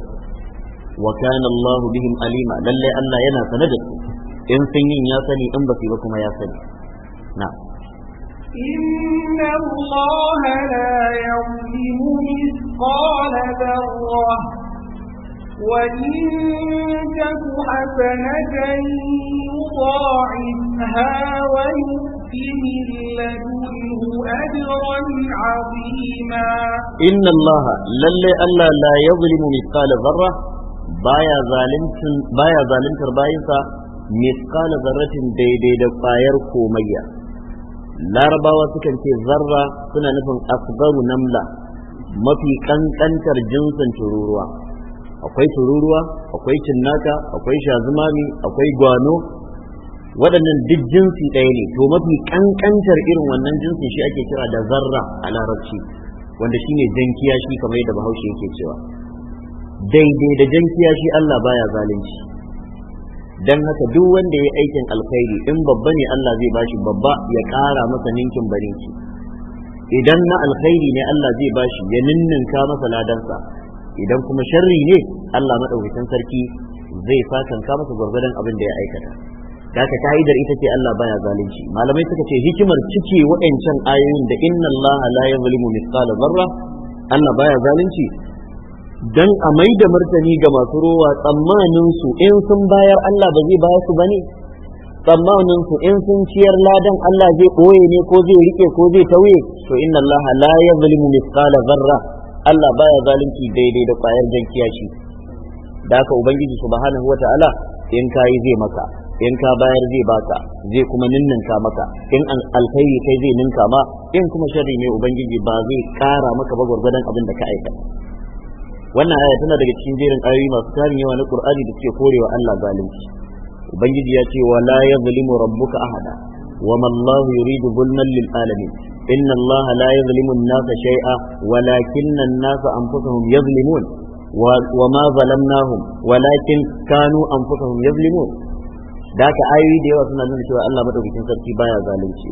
وكان الله بهم أليما لن لألا ينا سنجد إن سنين يا سني إن بسي بكم يا سني نعم إن الله لا يظلم مثقال ذرة وإن تك حسنة يضاعفها ويؤتي من لدنه أجرا عظيما إن الله لن لألا لا يظلم مثقال ذرة baya ya baya zalimtar bayinsa mithqala zarratin daidai da kwayar komayya larabawa sukan ce zarra suna nufin asgaru namla mafi kankantar jinsin tururuwa akwai tururuwa akwai cinnaka akwai shazumami akwai gwano waɗannan duk jinsi ɗaya ne to mafi kankantar irin wannan jinsi shi ake kira da zarra a larabci wanda shine jankiya shi kamar yadda bahaushe yake cewa daidai da jan shi Allah baya zalunci dan haka duk wanda ya aikin alkhairi in babba ne Allah zai bashi babba ya ƙara masa ninkin barinki idan na alkhairi ne Allah zai bashi ya ninninka masa ladansa idan kuma sharri ne Allah madaukakin sarki zai sakanka masa gwargwadon abin da ya aikata daga ka'idar ita ce Allah baya zalunci malamai suka ce hikimar cike waɗancan ayoyin da inna Allah la yuzlimu mithqala zarra Allah baya zalunci dan a mai da martani ga masu rowa tsammanin su in sun bayar Allah ba zai baya su ne tsammanin su in sun ciyar ladan Allah zai koye ne ko zai rike ko zai tauye to inna Allah la yazlimu mithqala zarra Allah baya zalunci daidai da kwayar jan kiyashi da haka ubangiji subhanahu wataala in kai zai maka in ka bayar zai baka zai kuma ninninka maka in alkhairi kai zai ninka ma in kuma sharri ne ubangiji ba zai kara maka ba gurgurdan abin da ka aika wannan aya tana daga cikin jerin ayoyi masu tarin yawa na Qur'ani da suke korewa Allah zalunci ubangiji ya ce wa la yazlimu rabbuka ahada wa ma Allah yuridu zulman lil alamin inna Allah la yazlimu an-nasa shay'a walakinna an-nasa anfusahum yazlimun wa ma zalamnahum walakin kanu anfusahum yazlimun da ka ayoyi da yawa suna nuna cewa Allah madaukakin sarki baya zalunci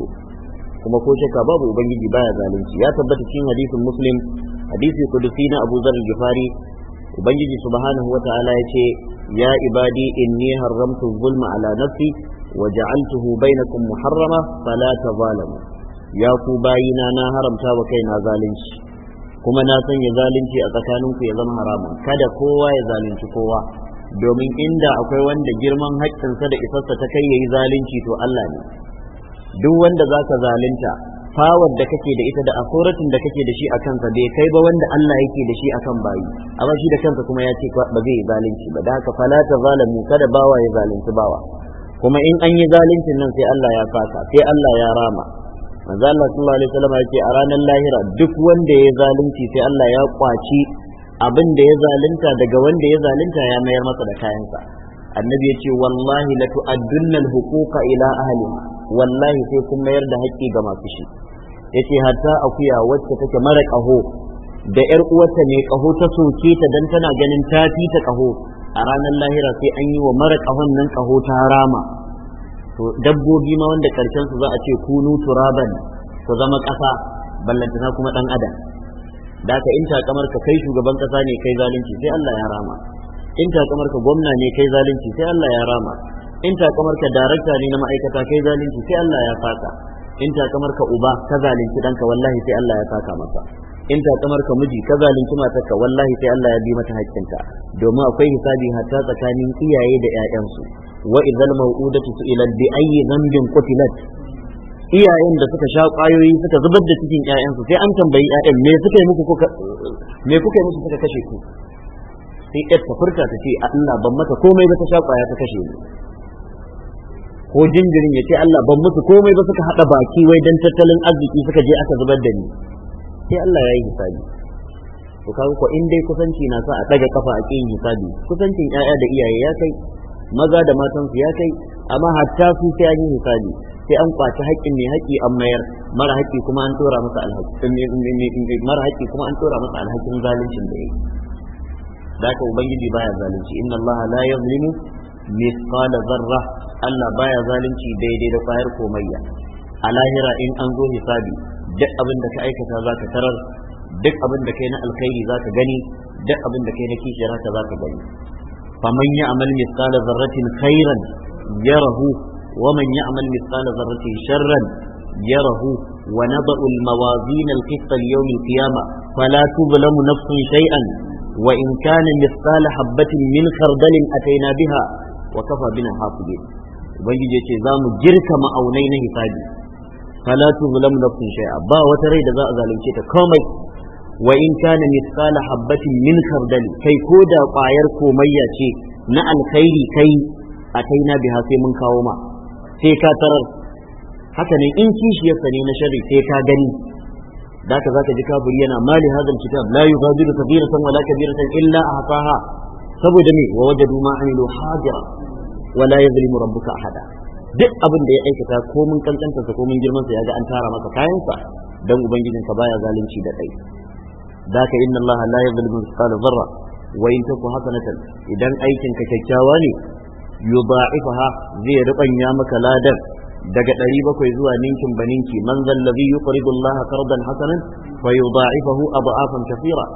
kuma ko shakka babu ubangiji baya zalunci ya tabbata cikin hadisin muslim hadisi kudusi na Abu Zar Gifari ubangiji subhanahu wataala yace ya ibadi inni haramtu zulma ala nafsi wa ja'altuhu bainakum muharrama fala tazalamu ya ku bayina na haramta wa kaina zalunci kuma na sanya zalunci a tsakaninku ya zama haramun kada kowa ya zalunci kowa domin inda akwai wanda girman haƙƙinsa da isarsa ta kai yayi zalunci to Allah ne duk wanda zaka zalunta fawar da kake da ita da asoratin da kake da shi a kansa bai kai ba wanda Allah yake da shi a kan bayi amma shi da kansa kuma ya ce ba zai yi zalunci ba da haka fala ta zalamu kada bawa ya zalunci bawa kuma in an yi zaluncin nan sai Allah ya fasa sai Allah ya rama manzo Allah sallallahu alaihi wasallam ya a ranar lahira duk wanda ya zalunci sai Allah ya kwaci abin da ya zalunta daga wanda ya zalunta ya mayar masa da kayansa annabi ya ce wallahi la tu'addunna al-huquqa ila ahliha wallahi sai kun mayar da haƙƙi ga masu shi yace hatta akuya wacce take mara kaho da yar uwarta ne kaho ta soke ta dan tana ganin ta fi ta kaho a ranar lahira sai an yi wa mara kahon nan kaho ta rama to dabbobi ma wanda karshen su za a ce kunu turaban ku zama kasa ballantana kuma dan adam da ka in kamar ka kai shugaban kasa ne kai zalunci sai Allah ya rama in ta kamar ka gwamna ne kai zalunci sai Allah ya rama in ta kamar ka darakta ne na ma'aikata kai zalunci sai Allah ya fata in kamar ka uba ka zalunci danka wallahi sai Allah ya saka masa in kamar ka miji ka zalunci matarka wallahi sai Allah ya bi mata haƙƙinta domin akwai hisabi hatta tsakanin iyaye da ƴaƴansu wa idzal maw'udatu su'ilat bi ayyi dhanbin qutilat iyayen da suka sha ƙwayoyi suka zubar da cikin ƴaƴansu sai an tambayi ƴaƴan me suka yi muku kuka me kuka yi musu suka kashe ku sai ƴar ta furta ta ce Allah ban mata komai ba ta sha ƙwaya ta kashe ni ko jinjirin ya ce Allah ban musu komai ba suka haɗa baki wai dan tattalin arziki suka je aka zubar da ni sai Allah ya yi hisabi to kaga ko in dai kusanci na sa a ɗaga kafa a ƙin hisabi kusancin ƴaƴa da iyaye ya kai maza da matan su ya kai amma hatta su sai an yi hisabi sai an kwaci haƙƙin ne haƙƙi an mayar mara haƙƙi kuma an tura masa alhaƙi eh, mara haƙƙi kuma an tura masa alhakin zaluncin da yake da ka ubangiji baya zalunci inna Allah la yuzlimu mithqala zarra Allah baya zalunci daidai da kwayar komayya a lahira in an zo hisabi duk abin da ka aikata ka tarar duk abin da kai na alkhairi ka gani duk abin da kai na kishiyar za ka gani faman ya'mal mithqala zarratin khairan yarahu wa يعمل مثقال ذرة شرا يره ونضع الموازين القسط ليوم القيامة فلا تظلم نفس شيئا وإن كان مثقال حبة من خردل أتينا biha? wa kafa bina hafiye ubangiji ce za mu girka ma'aunai na hisabi fala tuzlamu nafsun shay'a ba wata rai da za a zalunce ta komai wa in kana mithqala habatin min khardali kai ko da ƙwayar komayya ce na alkhairi kai a na biha sai mun kawo ma sai ka tarar haka ne in kishiyarsa ne na sharri sai ka gani da ka zaka ji kafiri yana mali hadal kitab la yughadiru kabiratan wala kabiratan illa ahsaha saboda ne wa wajadu ma amilu hadira wala yazlimu rabbuka ahada duk abin da ya aikata ko mun kankanta sa ko mun girman sa yaga an tara masa kayan sa dan ubangijin baya zalunci da kai daka inna Allah la yadhlimu mithqala dharra wa in taku hasanatan idan aikin ka kyakkyawa ne yudha'ifaha zai rubanya maka ladan daga 700 zuwa ninkin baninki man zal ladhi yuqridu Allah qardan hasanan fa yudha'ifahu adha'afan kathira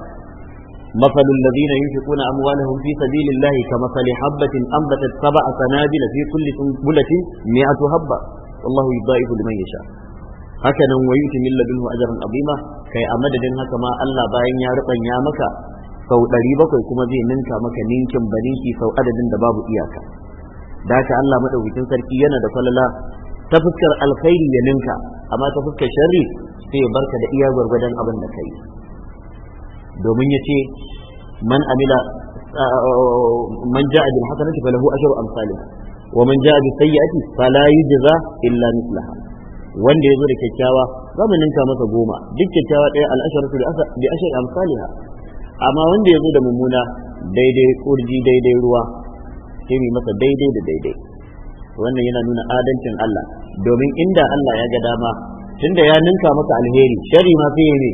مثل الذين ينفقون أموالهم في سبيل الله كمثل حبة أنبتت سبع سنابل في كل سنبلة مئة حبة والله يضاعف لمن يشاء هكذا ويؤتي من لدنه أجرا عظيما كي أمدد هكما ألا باين يا رقا يا مكا sau ɗari bakwai kuma zai ninka maka ninkin ba sau adadin da babu iyaka da haka Allah madaukakin sarki yana da falala ta fuskar alkhairi ya ninka amma ta sharri sai ya barka da iya gwargwadon abin da kai domin ya ce man amila uh, man ja'a bil hasanati falahu ashru amsalih wa man ja'a bis sayyi'ati fala yujza illa mithlaha wanda yazo da kyakkyawa zamu ninka masa goma duk kyakkyawa ɗaya al'asharatu bi ashri amsalha amma wanda yazo da mummuna daidai kurji daidai ruwa sai mu masa daidai da daidai wannan yana nuna adalcin Allah domin inda Allah ya ga dama tunda ya ninka masa alheri shari ma sai ya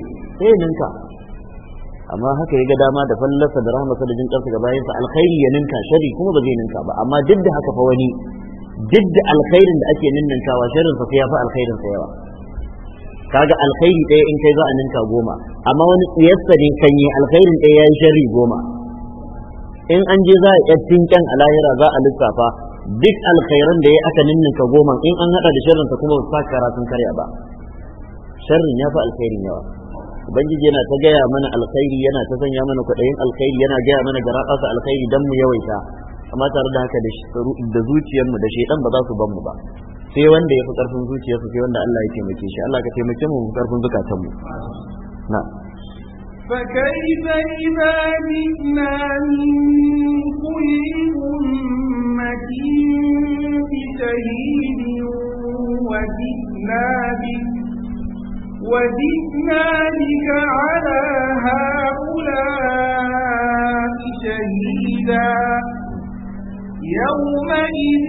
sai ninka amma haka ya ga dama da fallasa da rahmasa da jin ƙarsa ga bayan sa alkhairi ya ninka shari kuma ba zai ninka ba amma duk da haka fa wani duk da alkhairin da ake ninninkawa sharrin sa ya fi alkhairin sa yawa kaga alkhairi ɗaya in kai za a ninka goma amma wani tsiyarsa ne kan yi alkhairin ɗaya ya yi sharri goma in an je za a yi tinken a lahira za a lissafa duk alkhairan da ya aka ninninka goma in an haɗa da sharrin sa kuma ba su karatun karya ba sharrin ya fi alkhairin yawa ubangiji yana ta gaya mana alkhairi yana ta sanya mana kwaɗayin alkhairi yana gaya mana garakasa alkhairi dan mu yawaita amma tare da haka da zuciyar mu da shedan ba za su ban mu ba sai wanda ya fi karfin zuciyarsa sai wanda Allah ya taimake shi Allah ka taimake mu karfin zukatan mu na'am فكيف إذا جئنا من كل أمة بشهيد وجئنا بك وجئنا بك على هؤلاء شهيدا يومئذ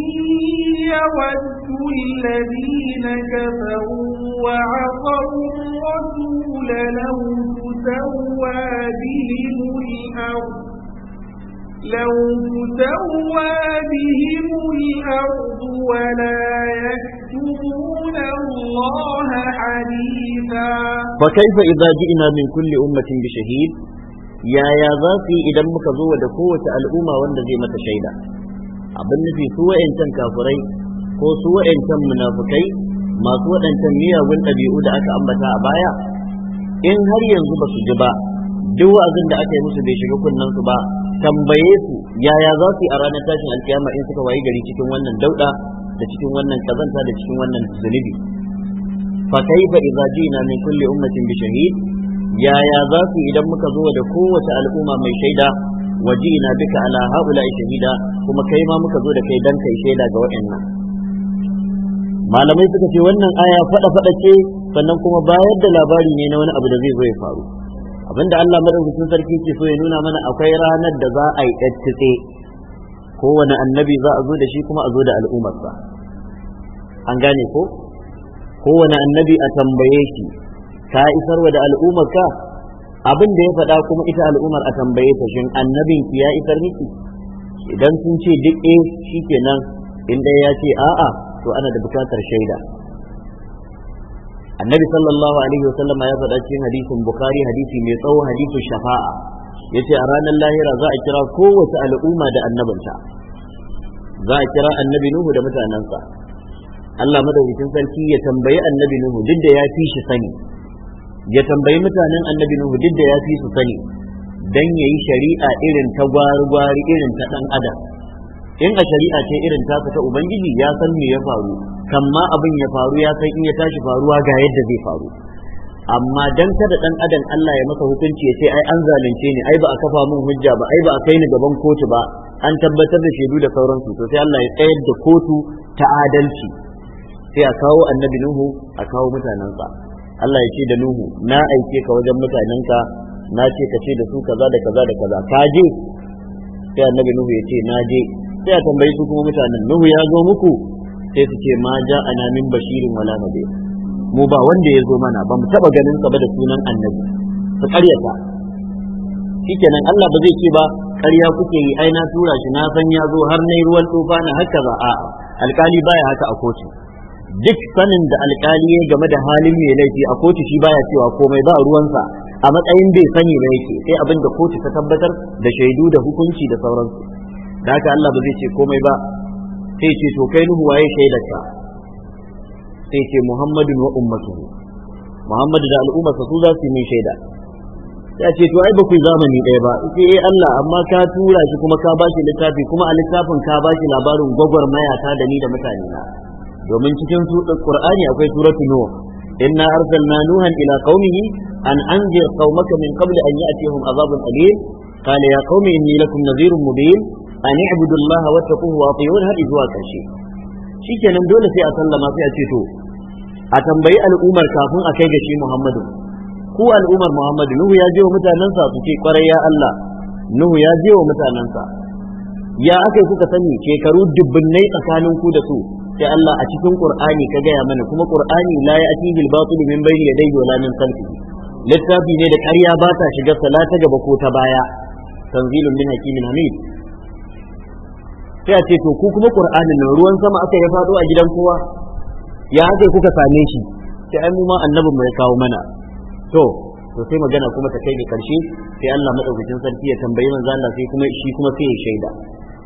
يود الذين كفروا وعصوا الرسول لو تسوى بهم الأرض لو تسوى بهم الأرض ولا يكتمون الله حديثا فكيف إذا جئنا من كل أمة بشهيد يا يا ذاتي إذا مكزوة قوة الأمة والنزيمة شيدا abin nufi su wa'yancan kafirai ko su wa'yancan munafukai masu waɗancan miyagun ɗabi'u da aka ambata a baya in har yanzu ba su ji ba duk wa'azin da aka yi musu bai shiga kunnen su ba tambaye su yaya za su yi a ranar tashin alkiyama in suka wayi gari cikin wannan dauda da cikin wannan kazanta da cikin wannan zunubi fa fa idza jina min kulli ummatin bi shahid yaya za su idan muka zo da kowace al'umma mai shaida wajina bika ala haula shahida kuma kai ma muka zo da kai dan kai shaida ga wa'annan malamai suka ce wannan aya fada fada ce sannan kuma bayar da labari ne na wani abu da zai zo ya faru abinda Allah madaukakin sarki ke so ya nuna mana akwai ranar da za a yi ɗattitse kowane annabi za a zo da shi kuma a zo da al'ummarsa an gane ko kowane annabi a tambaye shi ka isarwa da al'ummarka abin da ya faɗa kuma ita al'ummar a tambaye ta shin annabin ki ya isar miki idan sun ce duk eh shikenan in ɗaya ya ce a'a to ana da bukatar shaida annabi sallallahu alaihi wasallam ya faɗa cikin hadisin bukhari hadisi mai tsawo hadisu shafa'a yace a ranar lahira za a kira kowace al'umma da annabinta za a kira annabi nuhu da mutanensa Allah madaukakin sarki ya tambayi annabi nuhu duk da ya fi shi sani ya tambayi mutanen annabi nuhu duk da ya fi su sani dan yayi shari'a irin ta gwari-gwari irin ta dan adam in a shari'a ce irin ta ta ubangiji ya san me ya faru kamma abin ya faru ya san in ya tashi faruwa ga yadda zai faru amma dan kada dan adam Allah ya masa hukunci ya ce ai an zalunce ni ai ba a kafa mun hujja ba ai ba a kai ni gaban kotu ba an tabbatar da shaidu da sauransu to sai Allah ya tsayar da kotu ta adalci sai a kawo annabi Nuhu a kawo mutanensa Allah ya ce da Nuhu na aike ka wajen mutanenka na ce ka ce da su kaza da kaza da kaza ka je sai annabi Nuhu ya ce na je sai a tambayi su kuma mutanen Nuhu ya zo muku sai su ce ma ja a min bashirin wala nadir mu ba wanda ya zo mana ba mu taba ganin sa ba da sunan annabi su karyata shikenan Allah ba zai ce ba karya kuke yi ai na tura shi na san ya zo har nayi ruwan tsufa na haka ba a alkali baya haka a kotu duk sanin da alkali ya game da halin mai laifi a kotu shi baya cewa komai ba ruwansa a matsayin bai sani ba yake sai abin da kotu ta tabbatar da shaidu da hukunci da sauransu da haka Allah ba zai ce komai ba sai ce to kai nuhu waye shaidarka sai ce muhammadun wa ummatuhu muhammadu da al'ummarsa su za su yi min shaida ya ce to ai ba ku zamani ɗaya ba sai eh Allah amma ka tura shi kuma ka bashi littafi kuma a littafin ka bashi labarin gwagwar mayata da ni da mutane na domin cikin su Qur'ani akwai suratu Nuh inna arsalna nuhan ila qaumihi an anzir qaumaka min qabli an ya'tihim azabun alim qala ya qaumi inni lakum nadhirun mubin an ibudu Allah wa taquhu wa atiyun hadi zuwa karshe shikenan dole sai a sallama sai a ce to a tambayi al'umar kafin a kai ga shi Muhammadu ku al'umar Muhammadu Nuhu ya je wa mutanansa su ce kwarai ya Allah Nuhu ya je wa mutanansa. ya aka yi kuka sani shekaru dubbinnai tsakanin ku da su sai Allah a cikin Qur'ani ka gaya mana kuma Qur'ani la ya'tihi al-batil min bayni yadayhi wa la min khalfihi littafi ne da ƙarya ba ta shiga sala ta gaba ko ta baya tanzilun min hakimin hamid sai a ce to ku kuma qur'anin nan ruwan sama aka ya fado a gidan kowa ya haka kuka same shi sai an ma annabin mai kawo mana to to sai magana kuma ta kai ga karshe sai Allah madaukakin sarki ya tambaye manzo Allah sai kuma shi kuma sai ya shaida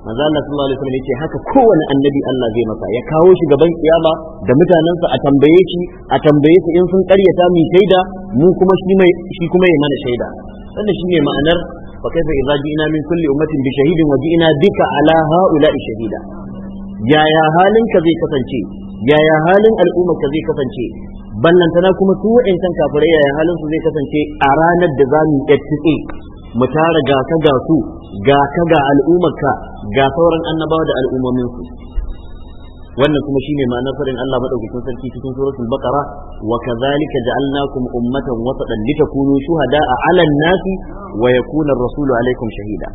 manzo Allah sallallahu alaihi wasallam yace haka kowane annabi Allah zai masa ya kawo shi gaban kiyama da mutanansa a tambaye shi a tambaye su in sun karyata mu shaida mu kuma shi mai shi kuma ya mana shaida wannan shine ma'anar fa kaifa idza ji'na min kulli ummatin bi shahidin wa ji'na bika ala ha'ula'i shahida yaya halin ka zai kasance yaya halin al'umma ka zai kasance ballantana kuma su wa'ancan kafirai yaya halin zai kasance a ranar da za mu yattike mu tara gasa ga su ga ka ga al'ummarka ga sauran annabawa da al'ummomin su wannan kuma shine ma'anar farin Allah madaukakin sarki cikin suratul baqara wa kadhalika ja'alnakum ummatan wasatan litakunu shuhada'a 'alan nasi wa yakuna ar-rasulu 'alaykum shahida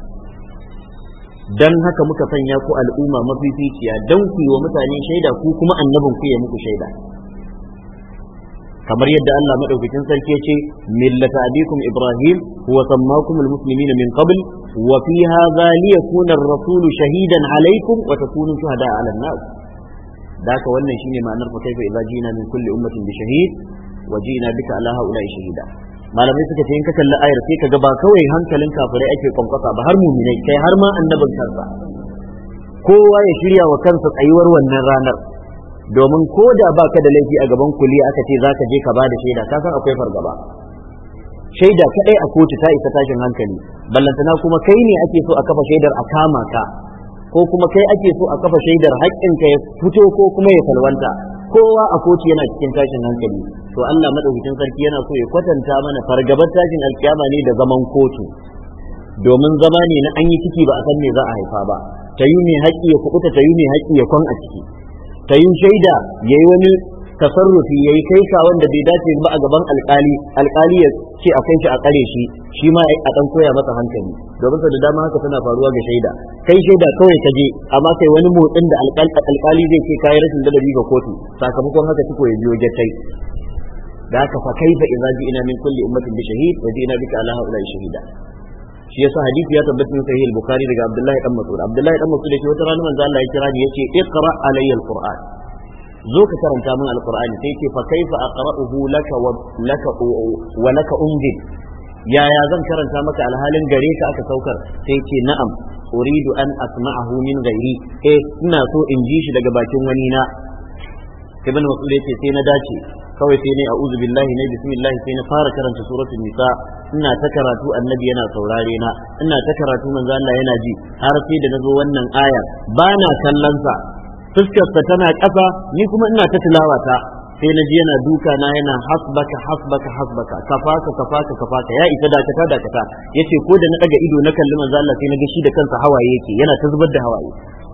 dan haka muka sanya ku al'umma mafificiya dan ku wa mutane shaida ku kuma annabin ku ya muku shaida kamar yadda Allah madaukakin sarki ya ce millata abikum ibrahim huwa sammakum almuslimina min qabl wa fi hadha liyakuna ar-rasulu shahidan alaykum wa takunu shuhada'a 'alan nasi. daka wannan shine ma'anar fa kaifa idza jina min kulli ummatin bi shahid wa jina bika ala haula'i shahida malamai suka ce in ka kalli ayar sai ka ga ba kawai hankalin kafirai ake kwankwasa ba har muminai kai har ma annabin kansa kowa ya shirya wa kansa tsayuwar wannan ranar domin ko da ba ka da laifi a gaban kuli aka ce za ka je ka ba da shaida ka akwai fargaba shaida kaɗai a kotu ta isa tashin hankali ballantana kuma kai ne ake so a kafa shaidar a kama ka ko kuma kai ake so a kafa shaidar haƙƙinka ya fito ko kuma ya salwanta kowa a koci yana cikin tashin hankali to Allah madaukakin sarki yana so ya kwatanta mana fargabar tashin alkiyama ne da zaman kotu domin zama ne na an yi ciki ba a san me za a haifa ba ta yi ne haƙƙi ya kuɓuta ta yi ne haƙƙi ya kwan a ciki ta yi shaida ya yi wani tasarrufi yayi kai ka wanda bai dace ba a gaban alkali alkali ya ce a kai shi a kare shi shi ma a dan koya masa hankali domin sa da dama haka tana faruwa ga shaida kai shaida kawai ka je amma kai wani motsin da alkali zai ce kai rashin ladabi ga kotu sakamakon haka tuko ya biyo jattai da haka fa kaifa idza ina min kulli ummatin bi shahid wa ji'na bika ala haula'i shahida shi yasa hadisi ya tabbata cikin sahih al-bukhari daga abdullahi dan mas'ud abdullahi dan mas'ud yace wata rana manzo Allah ya kira ni yace iqra alayya al-qur'an zo ka karanta min alqur'ani sai ce fa kaifa aqra'uhu laka wa laka wa laka yaya zan karanta maka alhalin gare ka aka saukar sai ce na'am uridu an asma'ahu min ghairi eh ina so in ji shi daga bakin wani na ibn mas'ud yace sai na dace kawai sai ne a'udhu billahi ne bismillah sai na fara karanta suratul nisa ina ta karatu annabi yana saurare na ina ta karatu manzo Allah yana ji har sai da nazo wannan aya bana kallon sa fuskarsa tana ƙasa ni kuma ina ta tilawata. ta sai na ji yana duka na yana hasbaka hasbaka hasbaka kafaka kafaka kafaka ya isa dakata dakata yace ko da na daga ido na kalli manzo Allah sai na ga shi da kansa hawaye yake yana ta zubar da hawaye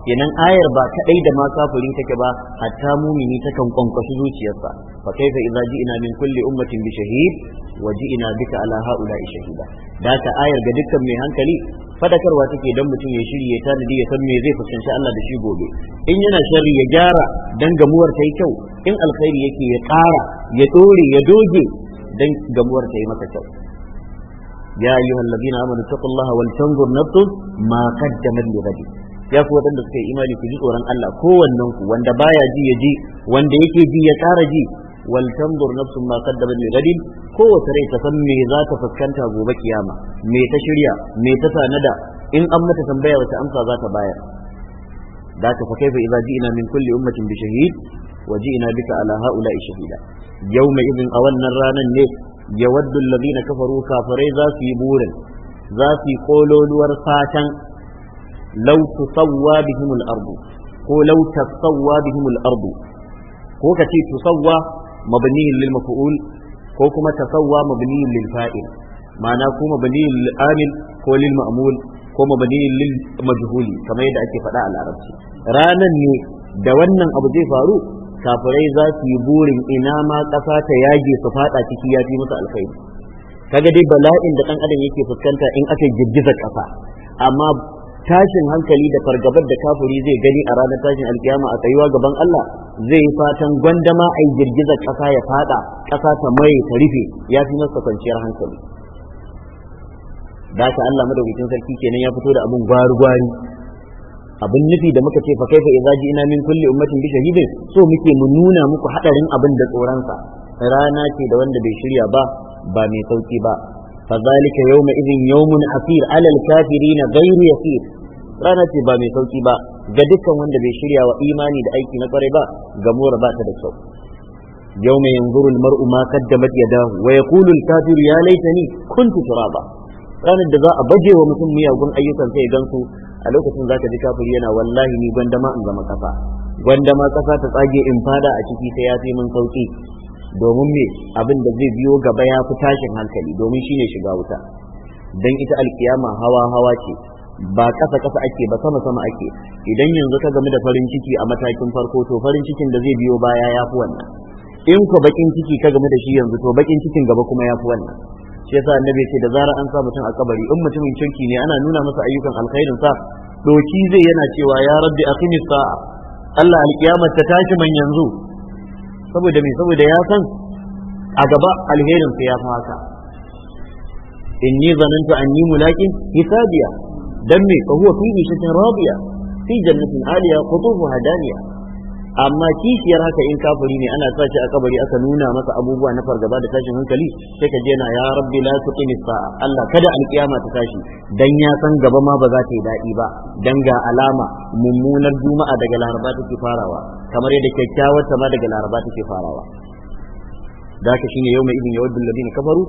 kenan ayar ba kadai da ma kafirin take ba hatta mumini takan kwankwashi zuciyarsa fa kaifa idza ji'na min kulli ummatin bi shahid wa ji'na bika ala shahida da ta ayar ga dukkan mai hankali fadakarwa take dan mutum ya shirye ta tanadi ya san me zai fuskanci Allah da shi gobe in yana sharri ya gyara dan gamuwar ta yi kyau in alkhairi yake ya ƙara ya dore ya doge dan gamuwar ta yi maka kyau ya ayyuhal ladina amanu taqullaha wal tanzur nafsun ma qaddamat li ghadin ya ku wadanda suka yi imani ku ji tsoron Allah kowannen ku wanda baya ji ya ji wanda yake ji ya ƙara ji wal tanzur nafsun ma qaddamat li gadin kowace rai ta san me za ta fuskanta gobe kiyama me ta shirya me ta tanada in an mata tambaya wata amsa za ta bayar da ta fa kaifa idza ji'na min kulli ummatin bi shahid wa ji'na bika ala ha'ula'i shahida yawma idin a wannan ranan ne yawaddu alladhina kafaru kafirai za su yi burin za su yi kololuwar fatan law tusawwa bihim al-ardu ko law tasawwa bihim al-ardu ko kace tusawwa mabniyin lil maf'ul ko kuma tasawwa mabniyin lil fa'il ma'ana ko mabniyin lil amil ko lil ma'mul ko mabniyin lil majhuli kamar yadda ake faɗa a larabci ranan ne da wannan abu zai faru kafirai za su yi burin ina ma ƙasa ta yage su faɗa ciki ya fi musu alkhairi kaga dai bala'in da ɗan adam yake fuskanta in aka girgiza ƙasa amma tashin hankali da fargabar da kafuri zai gani a ranar tashin alkiyama a tsayuwa gaban Allah zai yi fatan gwandama a yi girgizar ƙasa ya fada ƙasa ta mai ta rufe ya fi masa kwanciyar hankali da ka Allah madaukacin sarki kenan ya fito da abin gwari gwari abin nufi da muka ce fa kaifa idza ina min kulli ummatin bi shahidin so muke mu nuna muku hadarin abin da tsoronsa rana ce da wanda bai shirya ba ba mai sauki ba فذلك يومئذ يوم عسير على الكافرين غير يسير rana ce ba mai sauki ba ga dukkan wanda bai shirya wa imani da aiki na kwarai ba gamora ba ta da kyau yau mai yanzuru mar'u ma kaddamat ya wa waya al-kafiru ya kun kuntu turaba ranar da za a baje wa mutum miyagun ayyukan sai gansu a lokacin zaka ji kafiri yana wallahi ni gwandama in zama ƙasa. gwandama kasa ta tsage in fada a ciki sai ya fi mun sauki domin me abin da zai biyo gaba ya fi tashin hankali domin shine shiga wuta Don ita alkiyama hawa hawa ce ba kasa kasa ake ba sama sama ake idan yanzu ka game da farin ciki a matakin farko to farin cikin da zai biyo baya ya fi wannan in ko bakin ciki ka game da shi yanzu to bakin cikin gaba kuma ya fi wannan shi yasa annabi ce da zara an sa mutum a kabari in mutumin cinki ne ana nuna masa ayyukan alkhairin sa doki zai yana cewa ya rabbi aqimis sa'a Allah alkiyamar ta tashi man yanzu saboda me saboda ya san a gaba alherin sa ya fi haka inni zanantu yi mulaqin hisabiya Don me fa huwa fi ishatin radiya fi jannatin aliya qutufuha daniya amma kishiyar haka in kafiri ne ana sa shi a kabari aka nuna masa abubuwa na fargaba da tashin hankali sai ka je na ya rabbi la tuqim sa'a Allah kada alkiyama ta tashi dan ya san gaba ma ba za ta yi dadi ba dan ga alama mummunar juma'a daga laraba take farawa kamar yadda kyakkyawar ta ma daga laraba take farawa da haka shine yau mai idin ya waddu na kafaru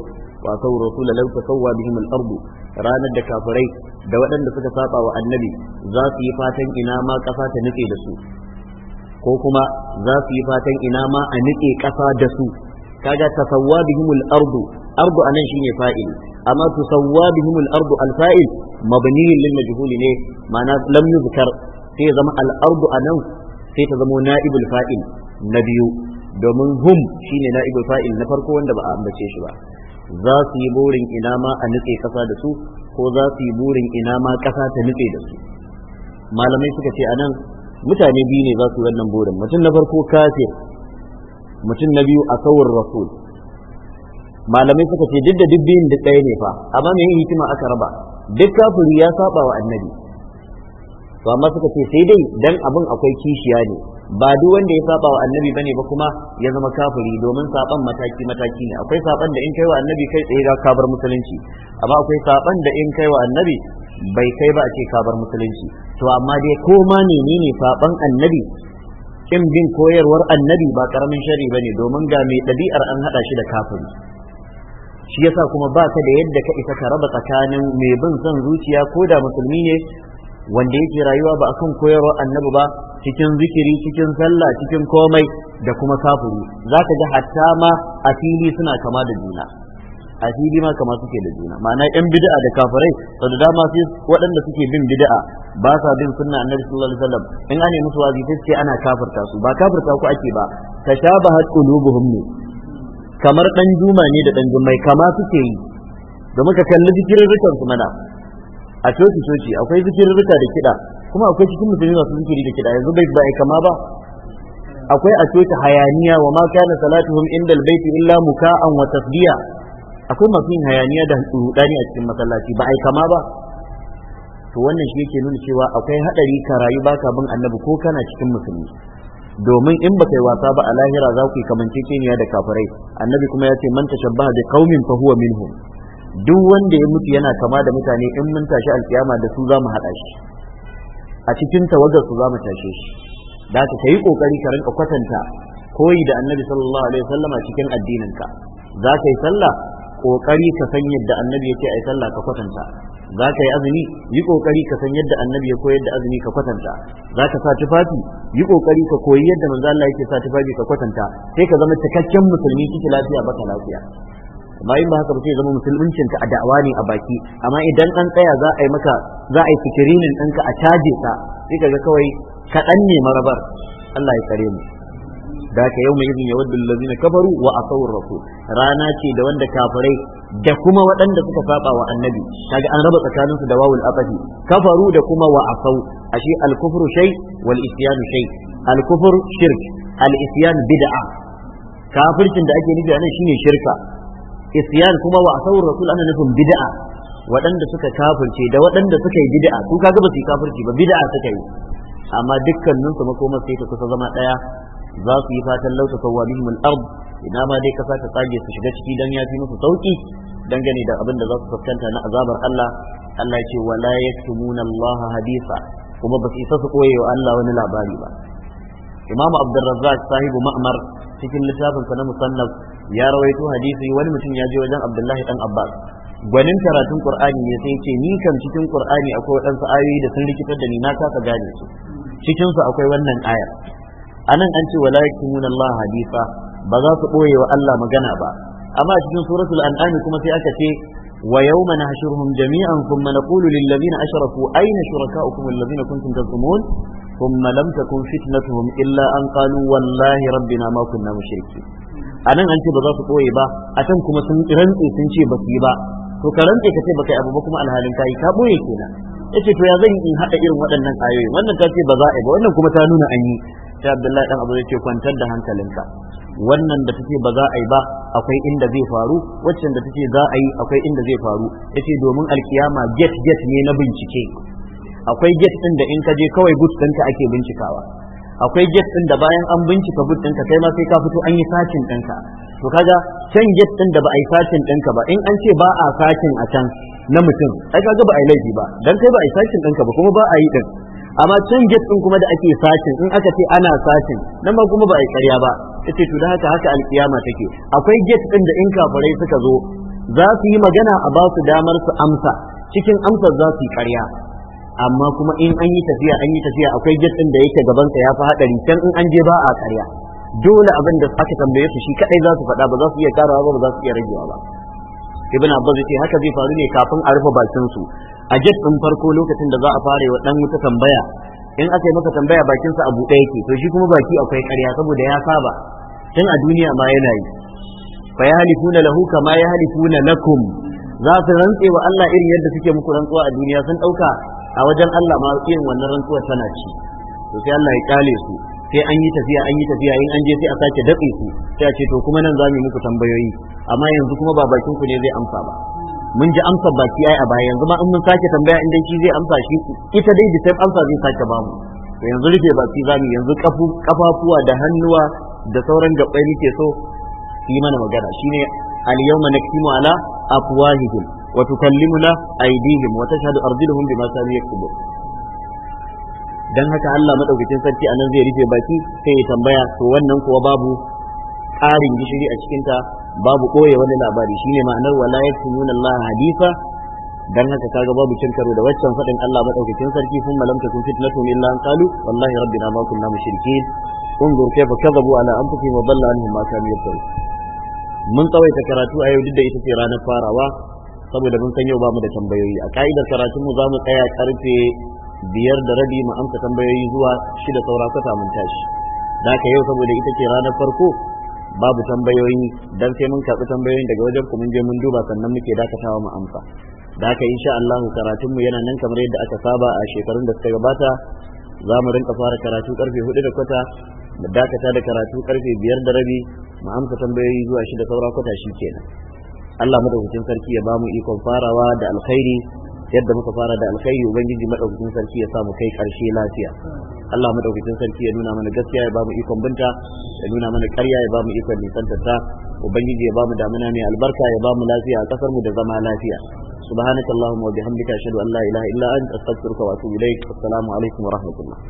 wa sau rasula law tasawwa bihim ranar da kafirai da waɗanda suka saba wa annabi za su yi fatan ina ma ƙasa ta nutse da su ko kuma za su yi fatan ina ma a nutse ƙasa da su kaga tasawwa bihim al-ardu ardu anan shine fa'il amma tusawwa bihim al-ardu al-fa'il mabni lil majhul ne ma'ana lam yuzkar sai zama alardu anan sai ta zamo na'ibul fa'il na biyu domin hum shine na'ibul fa'il na farko wanda ba a ambace shi ba za su yi burin ina ma a nutse kasa da su ko za su yi burin ina ma kasa ta nutse da su malamai suka ce anan mutane biyu ne za su wannan burin mutum na farko kafir mutum na biyu a kawar rasul malamai suka ce duk da duk biyun duk ɗaya ne fa amma me yin hikima aka raba duk kafiri ya saba wa annabi to amma suka ce sai dai dan abin akwai kishiya ne ba duk wanda ya saba wa annabi bane ba kuma ya zama kafiri domin saban mataki mataki ne akwai saban da in kai wa annabi kai tsaye ga kabar musulunci amma akwai saban da in kai wa annabi bai kai ba a ce kabar musulunci to amma dai ko ma menene saban annabi kin bin koyarwar annabi ba karamin shari bane domin ga mai ɗabi'ar an hada shi da kafiri shi yasa kuma ba ka da yadda ka isa ka raba tsakanin mai bin son zuciya ko da musulmi ne wanda yake rayuwa ba akan koyarwa annabi ba cikin zikiri cikin sallah cikin komai da kuma kafiri zaka ga hatta ma a suna kama da juna a fili ma kama suke da juna ma'ana yan bid'a da kafirai to da dama sai waɗanda suke bin bid'a ba sa bin sunna annabi sallallahu alaihi wasallam in an musu wazi sai ana kafirta su ba kafirta ku ake ba tashabahat qulubuhum ne kamar dan juma ne da dan jummai kama suke yi da muka kalli zikirin rikan su mana a coci coci akwai rika da kiɗa kuma akwai cikin musulmi masu zikiri da kiɗa yanzu bai ba kama ba akwai a coci hayaniya wa ma kana salatuhum inda albayti illa muka'an wa tasbiya akwai masu yin hayaniya da rudani a cikin masallaci ba ai kama ba to wannan shi yake nuna cewa akwai hadari ka rayu baka bin annabi ko kana cikin musulmi domin in ba kai wasa ba a lahira za ku yi kamanceceniya da kafirai annabi kuma ya ce man tashabbaha bi qaumin fa huwa minhum duk wanda ya mutu yana kama da mutane in mun tashi alkiyama da su za mu haɗa shi a cikin tawagar su za mu tashe shi da ka kai kokari ka rinka kwatanta koyi da annabi sallallahu alaihi wasallama cikin addinin ka za ka yi sallah kokari ka san yadda annabi yake ai sallah ka kwatanta za ka yi azumi yi kokari ka san yadda annabi ya koyar da azumi ka kwatanta za ka sa tufafi yi kokari ka koyi yadda manzo Allah yake sa tufafi ka kwatanta sai ka zama cikakken musulmi kike lafiya baka lafiya amma in ba haka ba sai zama musulmincin ka a da'awa ne a baki amma idan an tsaya za a yi maka za a yi sikirinin ɗinka a caje sa, sai ka ga kawai kaɗan ne marabar Allah ya tsare mu da haka yau mai izin ya wadda lalazina kafaru wa a saurin rasu rana ce da wanda kafirai da kuma waɗanda suka saba wa annabi kaga an raba tsakaninsu da wawul afafi kafaru da kuma wa a sau ashe alkufru shay wal isyanu shay alkufru shirk al isyan bid'a kafircin da ake nufi nan shine shirka isyan kuma wa asawur rasul ana nufin bid'a waɗanda suka kafirce da waɗanda suka yi bid'a su kaga ba su ba bid'a suka yi amma dukkanin su makoma sai ta kusa zama ɗaya za su yi fatan lauta kawwa bihim al-ard ina ma dai kasa ta tsage su shiga ciki dan ya fi musu sauki dangane da abin da za su fuskanta na azabar Allah Allah ya ce wala yaktumuna Allah hadisa kuma ba su isa su koye wa Allah wani labari ba Imam Abdurrazzaq sahibu Ma'mar cikin littafinsa na musannaf ya rawaito hadisi wani mutum ya je wajen abdullahi dan abbas gwanin karatun qur'ani ne sai ce ni kam cikin qur'ani akwai waɗansu ayoyi da sun rikitar da ni na kasa gane su cikin su akwai wannan aya anan an ce wala allah hadisa ba za su boye wa allah magana ba amma cikin suratul an'am kuma sai aka ce ويوم jami'an جميعا ثم نقول للذين أشركوا أين شركاؤكم الذين كنتم تزعمون ثم لم تكن illa إلا أن قالوا والله ربنا ما كنا shirki. a nan an ce ba za su koye ba a can kuma sun rantse sun ce ba su yi ba to ka rantse ka ce ba kai abu ba kuma alhalin kayi ka boye kenan yace to ya zan in hada irin waɗannan ayoyi wannan ta ce ba za a ba wannan kuma ta nuna an yi sai Abdullahi dan Abu ce kwantar da hankalinka wannan da take ba za a yi ba akwai inda zai faru waccan da take za a yi akwai inda zai faru yace domin alkiyama get get ne na bincike akwai get din da in ka je kawai gut ake bincikawa akwai get din da bayan an bincika but ɗinka kai ma sai ka fito an yi sakin ɗinka to kaga can get din da ba a yi sakin ɗinka ba in an ce ba a sakin a can na mutum ai kaga ba a yi laifi ba dan kai ba a yi sakin ɗinka ba kuma ba a yi ɗin amma can get din kuma da ake sakin in aka ce ana sakin nan ma kuma ba a yi ƙarya ba yace to da haka haka alkiyama take akwai get din da in kafirai suka zo za su yi magana a ba su damar su amsa cikin amsar za su yi ƙarya amma kuma in an yi tafiya an yi tafiya akwai jet din da yake gaban sa ya fi haɗari, can in an je ba a karya dole abin da aka tambaye su shi kadai za su faɗa ba za su iya karawa ba ba za su iya ragewa ba ibn abbas ce haka zai faru ne kafin a rufe bakin su a jet din farko lokacin da za a fara wa dan wuta tambaya in aka yi maka tambaya bakin sa a buɗe yake to shi kuma baki akwai karya saboda ya saba tun a duniya ma yana yi fa ma lahu kama yahlifuna lakum za su rantse wa Allah irin yadda suke muku rantsuwa a duniya sun dauka a wajen Allah ma irin wannan rantsuwar tana ci to sai Allah ya kale su sai an yi tafiya an yi tafiya in an je sai a sake dabe su sai a ce to kuma nan za mu yi muku tambayoyi amma yanzu kuma ba bakin ku ne zai amsa ba mun ji amsar baki ai a baya yanzu ma in mun sake tambaya in shi zai amsa shi ita dai da amsa zai sake ba mu to yanzu rufe baki zamu yanzu kafafuwa da hannuwa da sauran gabbai nake so yi mana magana shine al yawma naktimu ala afwahihim wa tukallimuna aydihim wa tashhadu arjuluhum bima kanu yaktubun dan haka Allah madaukakin sarki anan zai rufe baki sai ya tambaya to wannan kuwa babu ƙarin gishiri a cikinta babu koye wani labari shine ma'anar wala yaktumuna Allah hadisa dan haka kaga babu cin karo da waccan fadin Allah madaukakin sarki sun malam ta kun fitnatun illa an qalu wallahi rabbina ma kunna mushrikeen unzur kayfa kadhabu ala anfusihim wa dalla anhum ma kanu yaftarun mun tsawaita karatu a yau duk da ita ce ranar farawa saboda mun san yau ba mu da tambayoyi a ka'idar karatun mu za mu tsaya karfe biyar da rabi mu amsa tambayoyi zuwa shida saura kwata mun tashi da ka yau saboda ita ce ranar farko babu tambayoyi dan sai mun karɓi tambayoyin daga wajen ku mun je mun duba sannan muke dakatawa mu amsa da ka insha Allah karatun mu yana nan kamar yadda aka saba a shekarun da suka gabata za mu rinka fara karatu karfe hudu da kwata mu dakata da karatu karfe biyar da rabi mu amsa tambayoyi zuwa shida saura kwata shi kenan Allah madaukakin sarki ya bamu ikon farawa da alkhairi yadda muka fara da alkhairi ubangiji madaukakin sarki ya samu kai karshe lafiya Allah madaukakin sarki ya nuna mana gaskiya ya bamu ikon binta ya nuna mana ƙarya ya bamu ikon nisantarta ubangiji ya bamu damuna mai albarka ya bamu lafiya a kasar mu da zama lafiya subhanakallahumma wa bihamdika ashhadu an la ilaha illa anta astaghfiruka wa atubu ilaik assalamu alaikum wa rahmatullah